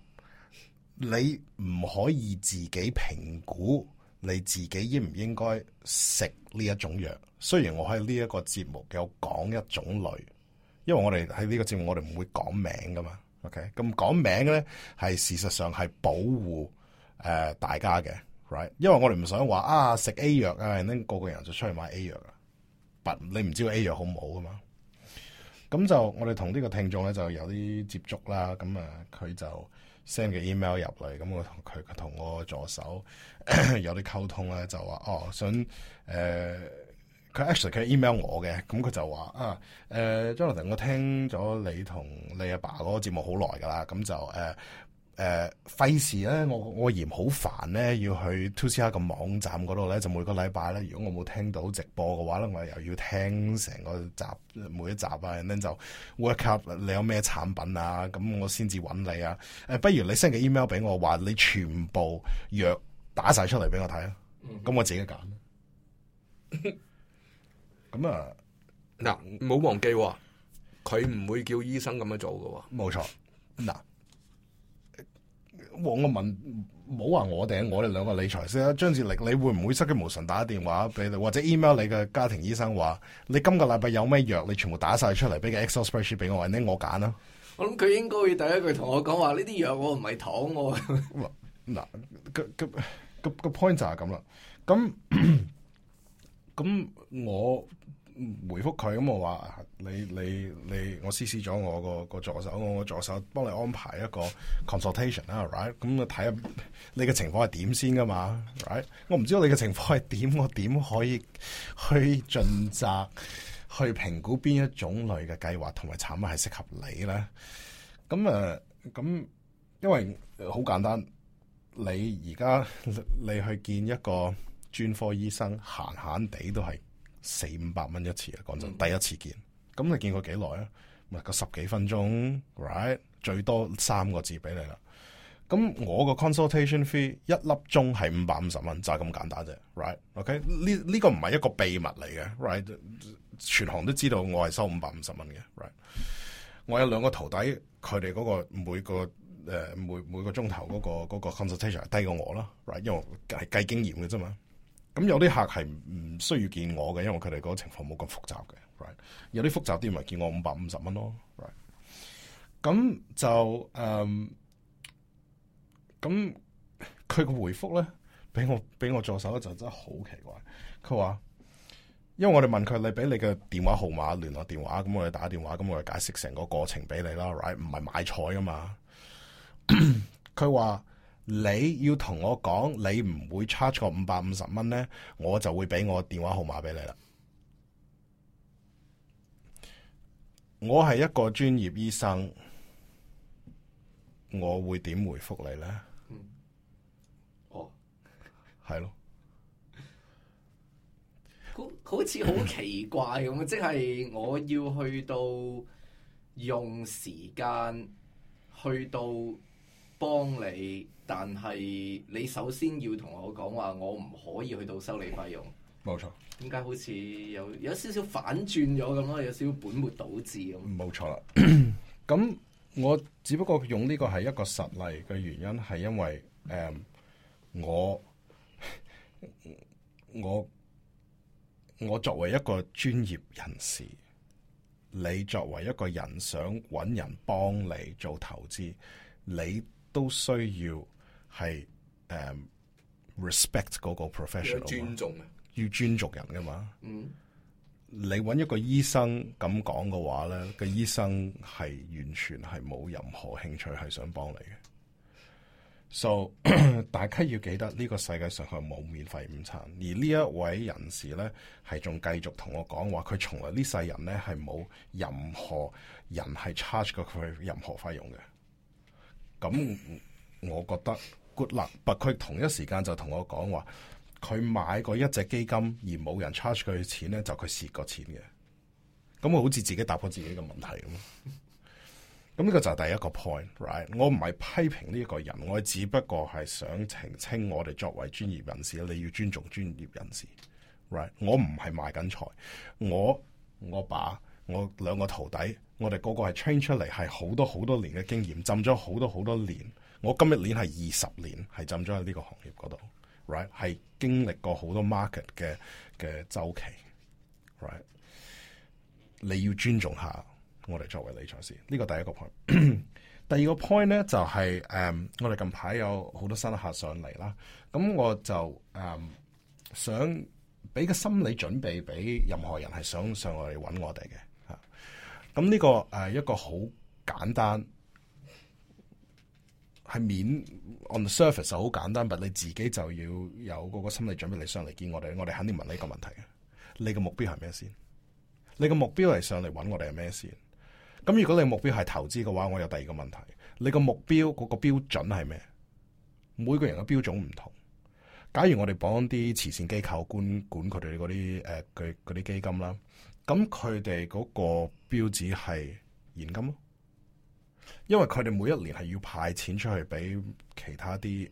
你不，你唔可以自己評估你自己應唔應該食呢一種藥。雖然我喺呢一個節目有講一種類。因為我哋喺呢個節目我們不，我哋唔會講名噶嘛，OK？咁講名嘅咧，係事實上係保護誒、呃、大家嘅，right？因為我哋唔想話啊食 A 藥啊，然後個個人就出去買 A 藥啊，你 But 你唔知道 A 藥好唔好噶、啊、嘛？咁就我哋同呢個聽眾咧就有啲接觸啦，咁啊佢就 send 嘅 email 入嚟，咁我同佢同我助手有啲溝通咧，就話哦想誒。呃佢 actually 佢 email 我嘅，咁佢就話啊，誒、呃，Jonathan，我聽咗你同你阿爸嗰個節目好耐㗎啦，咁就誒誒費事咧，我我嫌好煩咧，要去 ToC 啊個網站嗰度咧，就每個禮拜咧，如果我冇聽到直播嘅話咧，我又要聽成個集每一集啊，然後就 work up 你有咩產品啊，咁我先至揾你啊，誒，不如你 send 個 email 俾我，話你全部藥打晒出嚟俾我睇啊，咁我自己揀。 咁啊，
嗱，唔好忘記佢唔會叫醫生咁樣做噶。
冇錯。嗱，我問，唔好話我哋，我哋兩個理財師啊，張志力，你會唔會失驚無神打電話俾你，或者 email 你嘅家庭醫生話，你今個禮拜有咩藥，你全部打晒出嚟俾個 express 俾我，或者我揀啦。
我諗佢應該會第一句同我講話，呢啲藥我唔係糖
喎。嗱，個個個個 point 就係咁啦。咁。 咁我回覆佢，咁我話：你你你，我試試咗我個個助手，我個助手幫你安排一個 consultation 啦，right？咁我睇下你嘅情況係點先㗎嘛，right？我唔知道你嘅情況係點，我點可以去盡責去評估邊一種類嘅計劃同埋產品係適合你咧？咁誒，咁因為好簡單，你而家你去見一個。專科醫生閒閒地都係四五百蚊一次啦，講真，第一次見，咁、嗯、你見過幾耐啊？唔係個十幾分鐘，right？最多三個字俾你啦。咁我個 consultation fee 一粒鐘係五百五十蚊，就係、是、咁簡單啫，right？OK？、Okay? 呢呢、這個唔係一個秘密嚟嘅，right？全行都知道我係收五百五十蚊嘅，right？我有兩個徒弟，佢哋嗰個每個誒、呃、每每個鐘頭嗰個、那個 consultation 係低過我啦，right？因為係計經驗嘅啫嘛。咁有啲客係唔需要見我嘅，因為佢哋嗰個情況冇咁複雜嘅，right？有啲複雜啲咪見我五百五十蚊咯，right？咁就誒，咁佢個回覆咧，俾我俾我助手咧就真係好奇怪，佢話，因為我哋問佢你俾你嘅電話號碼、聯絡電話，咁我哋打電話，咁我哋解釋成個過程俾你啦，right？唔係買菜啊嘛，佢話。 他你要同我講，你唔會差個五百五十蚊咧，我就會俾我電話號碼俾你啦。我係一個專業醫生，我會點回覆你咧？哦，係咯， 好
好似好奇怪咁， 即係我要去到用時間去到。幫你，但係你首先要同我講話，我唔可以去到收理費用。
冇錯，點解好似有有少少反轉咗咁咯？有少少本末倒置咁。冇錯啦，咁我只不過用呢個係一個實例嘅原因，係因為誒、嗯，我我我作為一個專業人士，你作為一個人想搵人幫你做投資，你。都需要係誒、um, respect 嗰個 professional，要尊重要尊重人噶嘛。嗯，你揾一個醫生咁講嘅話咧，個醫生係完全係冇任何興趣係想幫你嘅。所、so, 以 大家要記得呢個世界上係冇免費午餐。而呢一位人士咧，係仲繼續同我講話，佢從來呢世人咧係冇任何人係 charge 過佢任何費用嘅。咁、嗯，我覺得 Goodluck，佢同一時間就同我講話，佢買過一隻基金而冇人 charge 佢嘅錢咧，就佢蝕過錢嘅。咁我好似自己答覆自己嘅問題咁。咁呢個就係第一個 point，right？我唔係批評呢個人，我只不過係想澄清我哋作為專業人士，你要尊重專業人士，right？我唔係賣緊財，我我把我兩個徒弟。我哋個個係 train 出嚟，係好多好多年嘅經驗，浸咗好多好多年。我今一年係二十年，係浸咗喺呢個行業嗰度，right？係經歷過好多 market 嘅嘅週期，right？你要尊重一下我哋作為理財師，呢、這個第一個 point。 第二個 point 咧就係、是，誒、um,，我哋近排有好多新客上嚟啦，咁我就誒、um, 想俾個心理準備俾任何人係想上來揾我哋嘅。咁呢、這個誒、呃、一個好簡單，係面 on the surface 就好簡單，但你自己就要有嗰個心理準備你上嚟見我哋，我哋肯定問呢個問題：你嘅目標係咩先？你嘅目標係上嚟揾我哋係咩先？咁如果你嘅目標係投資嘅話，我有第二個問題：你個目標嗰、嗰個標準係咩？每個人嘅標準唔同。假如我哋幫啲慈善機構管管佢哋嗰啲誒佢嗰啲基金啦。咁佢哋嗰個標誌係現金咯，因為佢哋每一年係要派錢出去俾其他啲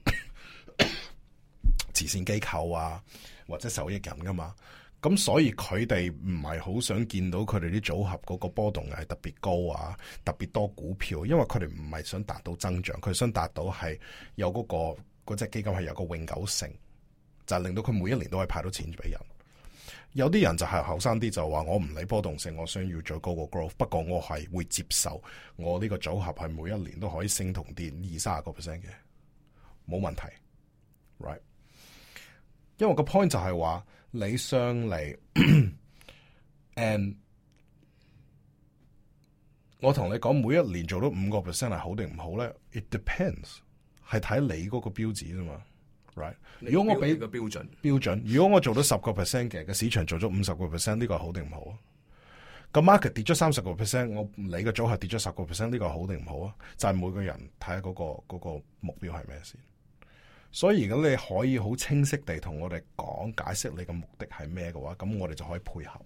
慈善機構啊，或者受益人噶嘛，咁所以佢哋唔係好想見到佢哋啲組合嗰個波動係特別高啊，特別多股票，因為，佢哋唔係想達到增長，佢想達到係有嗰、嗰個嗰隻基金係有個永久性，就係、令到佢每一年都係派到錢俾人。有啲人就係後生啲，就話我唔理波動性，我想要最高個 growth。不過我係會接受我呢個組合係每一年都可以升同跌二三十個 percent 嘅，冇問題。Right？因為個 point 就係話你上嚟 ，and 我同你講每一年做到五個 percent 係好定唔好咧？It depends，係睇你嗰個標誌啫嘛。Right? 如果我俾個標準標準，如果我做到十個 percent 嘅嘅市場做咗五十個 percent，呢個好定唔好啊？個 market 跌咗三十個 percent，我你個組合跌咗十個 percent，呢個好定唔好啊？就係、是、每個人睇下嗰個、嗰個目標係咩先。所以如果你可以好清晰地同我哋講解釋你嘅目的係咩嘅話，咁我哋就可以配合。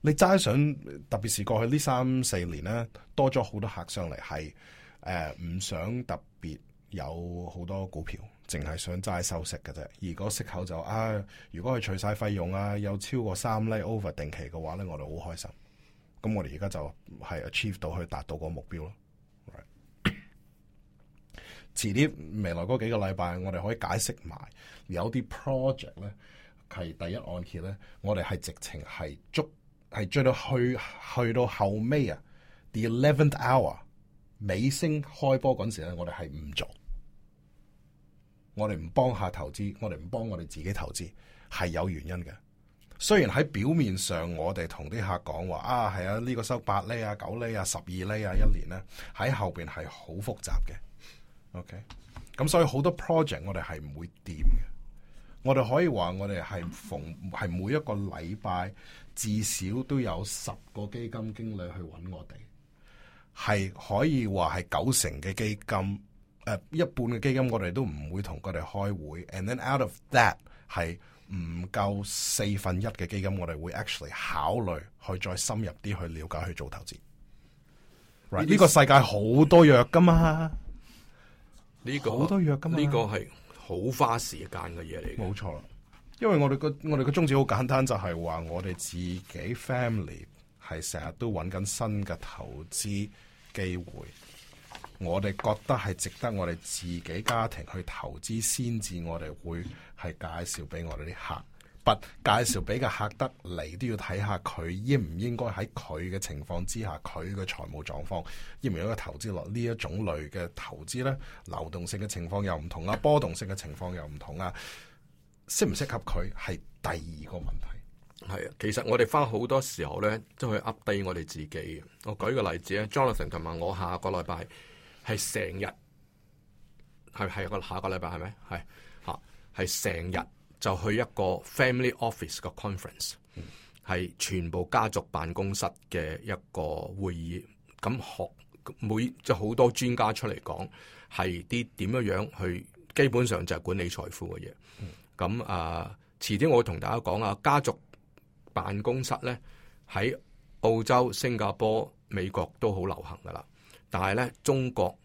你齋想，特別是過去這呢三四年咧，多咗好多客上嚟係誒唔想特別有好多股票。淨係想齋收息嘅啫，如果息口就啊，如果佢除晒費用啊，有超過三厘 over 定期嘅話咧，我哋好開心。咁我哋而家就係 achieve 到去達到個目標咯。遲、right. 啲 未來嗰幾個禮拜，我哋可以解釋埋有啲 project 咧，係第一按揭咧，我哋係直情係追係追到去去到後尾啊，the eleventh hour 尾聲開波嗰陣時咧，我哋係唔做。我哋唔幫客投資，我哋唔幫我哋自己投資係有原因嘅。雖然喺表面上我哋同啲客講話啊，係啊，呢個收八厘啊、九厘啊、十二厘啊一年咧，喺後邊係好複雜嘅。OK，咁所以好多 project 我哋係唔會掂嘅。我哋可以話我哋係逢係每一個禮拜至少都有十個基金經理去揾我哋，係可以話係九成嘅基金。Uh, 一半嘅基金我哋都唔會同佢哋開會，and then out of that 係唔夠四分一嘅基金，我哋會 actually 考慮去再深入啲去了解去做投資。呢、right? This 個世界好多藥噶嘛，呢、
這個好多藥噶嘛，呢個係好花時間嘅嘢嚟。
冇錯啦，因為我哋個我哋個宗旨好簡單，就係、是、話我哋自己 family 係成日都揾緊新嘅投資機會。我哋覺得係值得我哋自己家庭去投資，先至我哋會係介紹俾我哋啲客。不介紹俾個客得嚟，都要睇下佢應唔應該喺佢嘅情況之下，佢嘅財務狀況應唔應該投資落呢一種類嘅投資咧？流動性嘅情況又唔同啊，波動性嘅情況又唔同啊，適唔適合佢係第二個問題。
係啊，其實我哋花好多時候咧，都去 update 我哋自己嘅。我舉個例子咧，Jonathan 同埋我下個禮拜。係成日，係係個下個禮拜係咪？係吓，係成日就去一個 family office 個 conference，係全部家族辦公室嘅一個會議。咁學每就好多專家出嚟講，係啲點樣樣去，基本上就係管理財富嘅嘢。咁啊，遲啲我會同大家講啊，家族辦公室咧喺澳洲、新加坡、美國都好流行噶啦。但係咧，中國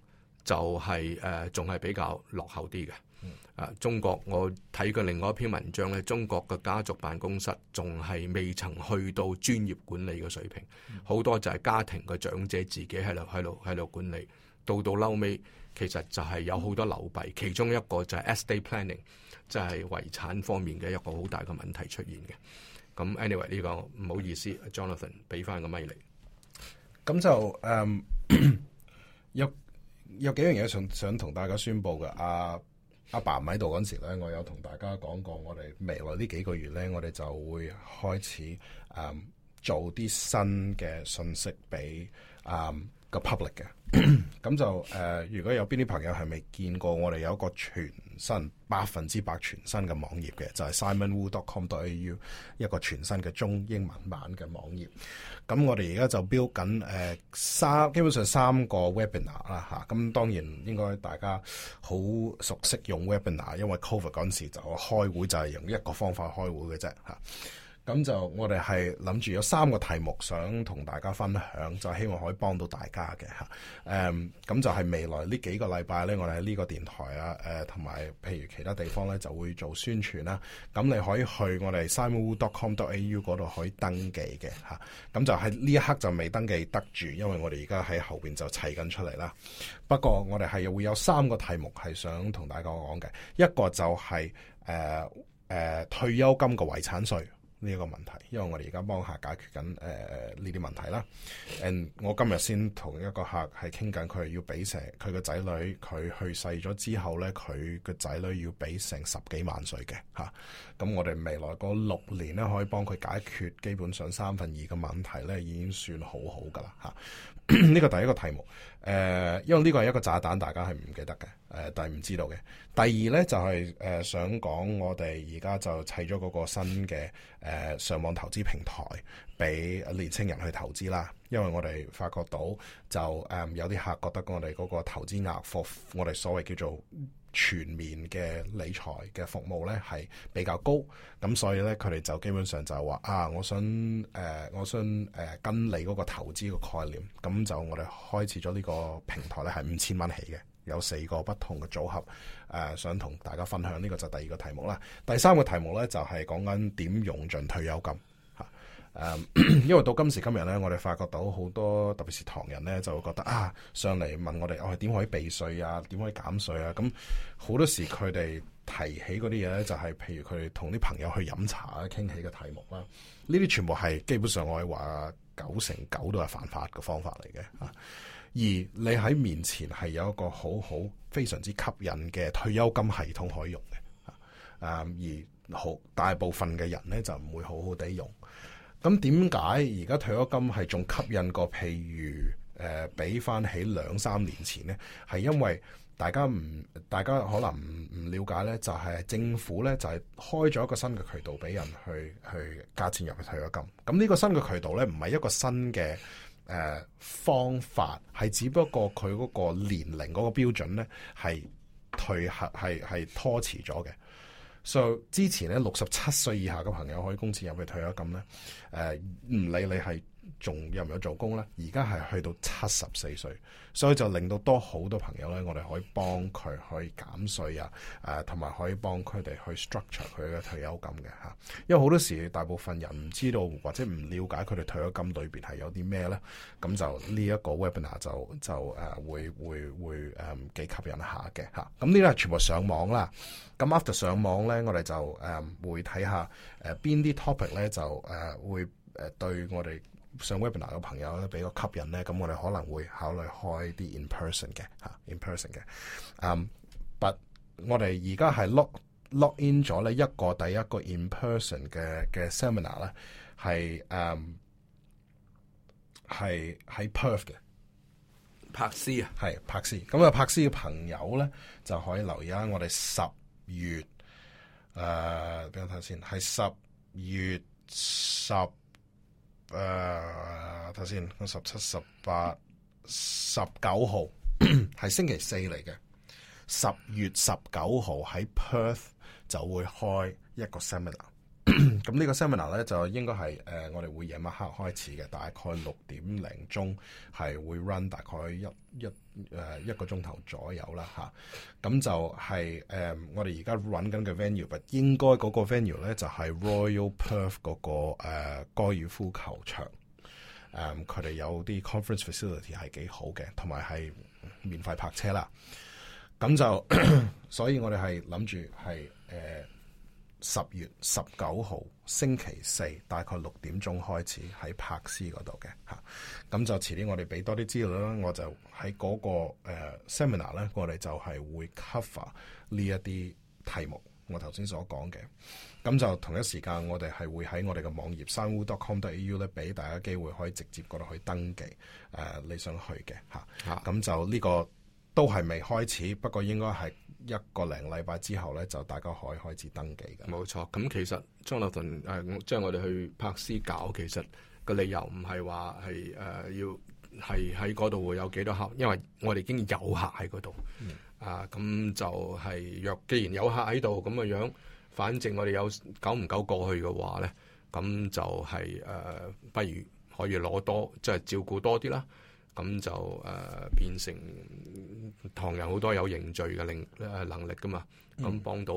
就係、是、誒，仲、呃、係比較落後啲嘅。誒、嗯啊，中國我睇過另外一篇文章咧，中國嘅家族辦公室仲係未曾去到專業管理嘅水平，好、嗯、多就係家庭嘅長者自己喺度喺度喺度管理，到到嬲尾，其實就係有好多流弊，其中一個就係 estate planning，就係遺產方面嘅一個好大嘅問題出現嘅。咁 anyway 呢、這個唔好意思，Jonathan 俾翻個咪嚟，
咁就誒。Um, 有有幾樣嘢想想同大家宣布嘅，阿、啊、阿爸唔喺度嗰陣時咧，我有同大家講過，我哋未來呢幾個月咧，我哋就會開始、嗯、做啲新嘅信息俾誒、嗯、個 public 嘅，咁 就、呃、如果有邊啲朋友係未見過，我哋有一個傳。全新，百分之百全新嘅網頁嘅，就係、是、simonwu.com.au o 一個全新嘅中英文版嘅網頁。咁我哋而家就 build 緊、呃、三，基本上三個 webinar 啦、啊、嚇。咁當然應該大家好熟悉用 webinar，因為 COVID 嗰陣時就開會就係用一個方法開會嘅啫嚇。咁就我哋係諗住有三個題目想同大家分享，就希望可以幫到大家嘅嚇。咁、嗯、就係未來呢幾個禮拜咧，我哋喺呢個電台啊，同、呃、埋譬如其他地方咧就會做宣傳啦。咁你可以去我哋 simonwood.com.au 嗰度可以登記嘅嚇。咁、啊、就喺呢一刻就未登記得住，因為我哋而家喺後面就砌緊出嚟啦。不過我哋係會有三個題目係想同大家講嘅，一個就係、是、誒、呃呃、退休金嘅遺產稅。呢個問題，因為我哋而家幫客解決緊誒呢啲問題啦。誒，我今日先同一個客係傾緊，佢要俾成佢個仔女，佢去世咗之後咧，佢個仔女要俾成十幾萬歲嘅嚇。咁、啊、我哋未來嗰六年咧，可以幫佢解決基本上三分二嘅問題咧，已經算好好噶啦嚇。呢、啊個第一個題目，誒、呃，因為呢個係一個炸彈，大家係唔記得嘅。但係唔知道嘅。第二咧就係、是呃、想講我哋而家就砌咗嗰個新嘅、呃、上網投資平台俾年輕人去投資啦。因為我哋發覺到就、呃、有啲客覺得我哋嗰個投資額，或我哋所謂叫做全面嘅理財嘅服務咧係比較高，咁所以咧佢哋就基本上就話啊，我想、呃、我想、呃呃、跟你嗰個投資嘅概念，咁就我哋開始咗呢個平台咧係五千蚊起嘅。有四個不同嘅組合，誒，想同大家分享呢個就第二個題目啦。第三個題目呢，就係講緊點用盡退休金吓，誒，因為到今時今日呢，我哋發覺到好多，特別是唐人呢，就會覺得啊，上嚟問我哋，我係點可以避稅啊，點可以減稅啊，咁好多時佢哋提起嗰啲嘢呢，就係譬如佢哋同啲朋友去飲茶啊，傾起嘅題目啦，呢啲全部係基本上我係話九成九都係犯法嘅方法嚟嘅。而你喺面前係有一個好好非常之吸引嘅退休金系統可以用嘅，啊、嗯，而好大部分嘅人呢就唔會好好地用。咁點解而家退休金係仲吸引過，譬如誒，俾翻起兩三年前呢，係因為大家唔大家可能唔唔瞭解是呢，就係政府呢就係開咗一個新嘅渠道俾人去去加錢入去退休金。咁呢個新嘅渠道呢，唔係一個新嘅。誒、啊、方法係，只不過佢嗰個年齡嗰個標準咧，係退合係係拖遲咗嘅，所、so, 以之前咧六十七歲以下嘅朋友可以供錢入去退休金咧，誒、啊、唔理你係。仲有唔有做工咧？而家係去到七十四歲，所以就令到多好多朋友咧，我哋可以幫佢去減稅啊，誒、啊，同埋可以幫佢哋去 structure 佢嘅退休金嘅吓、啊。因為好多時候大部分人唔知道或者唔了解佢哋退休金裏邊係有啲咩咧，咁就呢一個 webinar 就就誒、啊、會會會誒、啊、幾吸引一下嘅吓。咁呢啲全部上網啦。咁 after 上網咧，我哋就誒、啊、會睇下誒邊啲 topic 咧就誒、啊、會誒、啊、對我哋。上 webinar 嘅朋友咧，比較吸引咧，咁我哋可能會考慮開啲 in person 嘅吓，in person 嘅。嗯、um，but 我哋而家係 lock lock in 咗呢一個第一個 in person 嘅嘅 seminar 咧，係嗯係喺 Perth 嘅。柏斯、um，啊，係柏斯。咁啊、嗯，柏斯嘅朋友咧就可以留意下我哋十月誒，俾、呃、我睇下先，係十月十。誒睇下先，我十七、十八、十九號係星期四嚟嘅，十月十九號喺 Perth 就會開一個 seminar。咁呢 個 seminar 咧就應該係誒，我哋會夜晚黑開始嘅，大概六點零鐘係會 run，大概一一誒、呃、一個鐘頭左右啦吓。咁、啊、就係、是、誒、呃，我哋而家搵緊嘅 venue，但應該嗰個 venue 咧就係 Royal Perth 嗰、那個誒高爾夫球場。誒、呃，佢哋有啲 conference facility 係幾好嘅，同埋係免費泊車啦。咁就 所以我哋係諗住係誒。呃十月十九號星期四，大概六點鐘開始，喺柏斯嗰度嘅嚇，咁就遲啲我哋俾多啲資料啦。我就喺嗰、那個、呃、seminar 咧，我哋就係會 cover 呢一啲題目，我頭先所講嘅。咁就同一時間，我哋係會喺我哋嘅網頁 sunwoo.com.au 咧，俾、hmm. 大家機會可以直接嗰度去登記誒、呃、你想去嘅嚇。咁、mm hmm. 就呢、這個都係未開始，不過應該係。一個零禮拜之後咧，就大家可以開始登記嘅。冇錯，咁其實張立頓
誒即係我哋去拍攝搞，其實個理由唔係話係誒要係喺嗰度會有幾多客，因為我哋已經有客喺嗰度啊，咁就係若既然有客喺度，咁嘅樣，反正我哋有久唔久過去嘅話咧，咁就係、是、誒、呃，不如可以攞多，即係照顧多啲啦。咁就誒變成唐人好多有凝聚嘅能能力噶嘛，咁幫到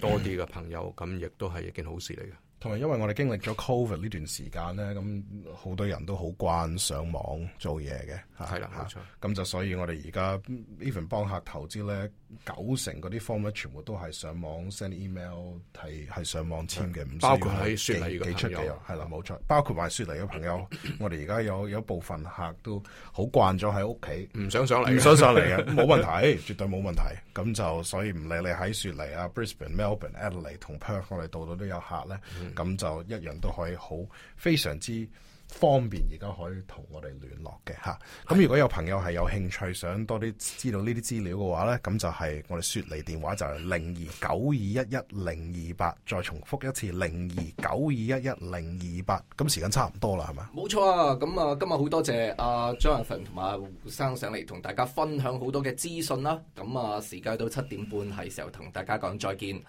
多啲嘅朋友，咁亦都係一件好事嚟嘅。
同埋，因為我哋經歷咗 Covid 呢段時間咧，咁好多人都好慣上網做嘢嘅，係啦，冇錯。咁就所以，我哋而家 even 幫客投資咧，九成嗰啲 form 全部都係上網 send email，係係上網簽嘅，唔包括喺雪梨嘅朋友，係啦，冇錯。包括埋雪梨嘅朋友，我哋而家有有一部分客都好慣咗喺屋企，唔
想上嚟，唔想上嚟啊，冇問題，
絕對冇問題。咁就所以唔理你喺雪梨啊，Brisbane、Melbourne、Adelaide 同 Perth，我哋度度都有客咧。咁就一樣都可以好非常之方便，而家可以同我哋聯絡嘅吓。咁如果有朋友係有興趣想多啲知道呢啲資料嘅話呢，咁就係我哋雪梨電話就係零二九二一一零二八，再重複一次零二九二一一零二八。咁時間差唔多啦，係嘛？
冇錯啊！咁啊，今日好多謝阿 Jonathan 同埋胡生上嚟同大家分享好多嘅資訊啦。咁啊，時間到七點半係時候同大家講再見。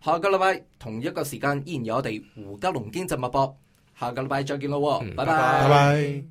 下個禮拜同一個時間依然有我哋胡嘉龍經濟脈搏，下個禮拜再見咯，拜拜。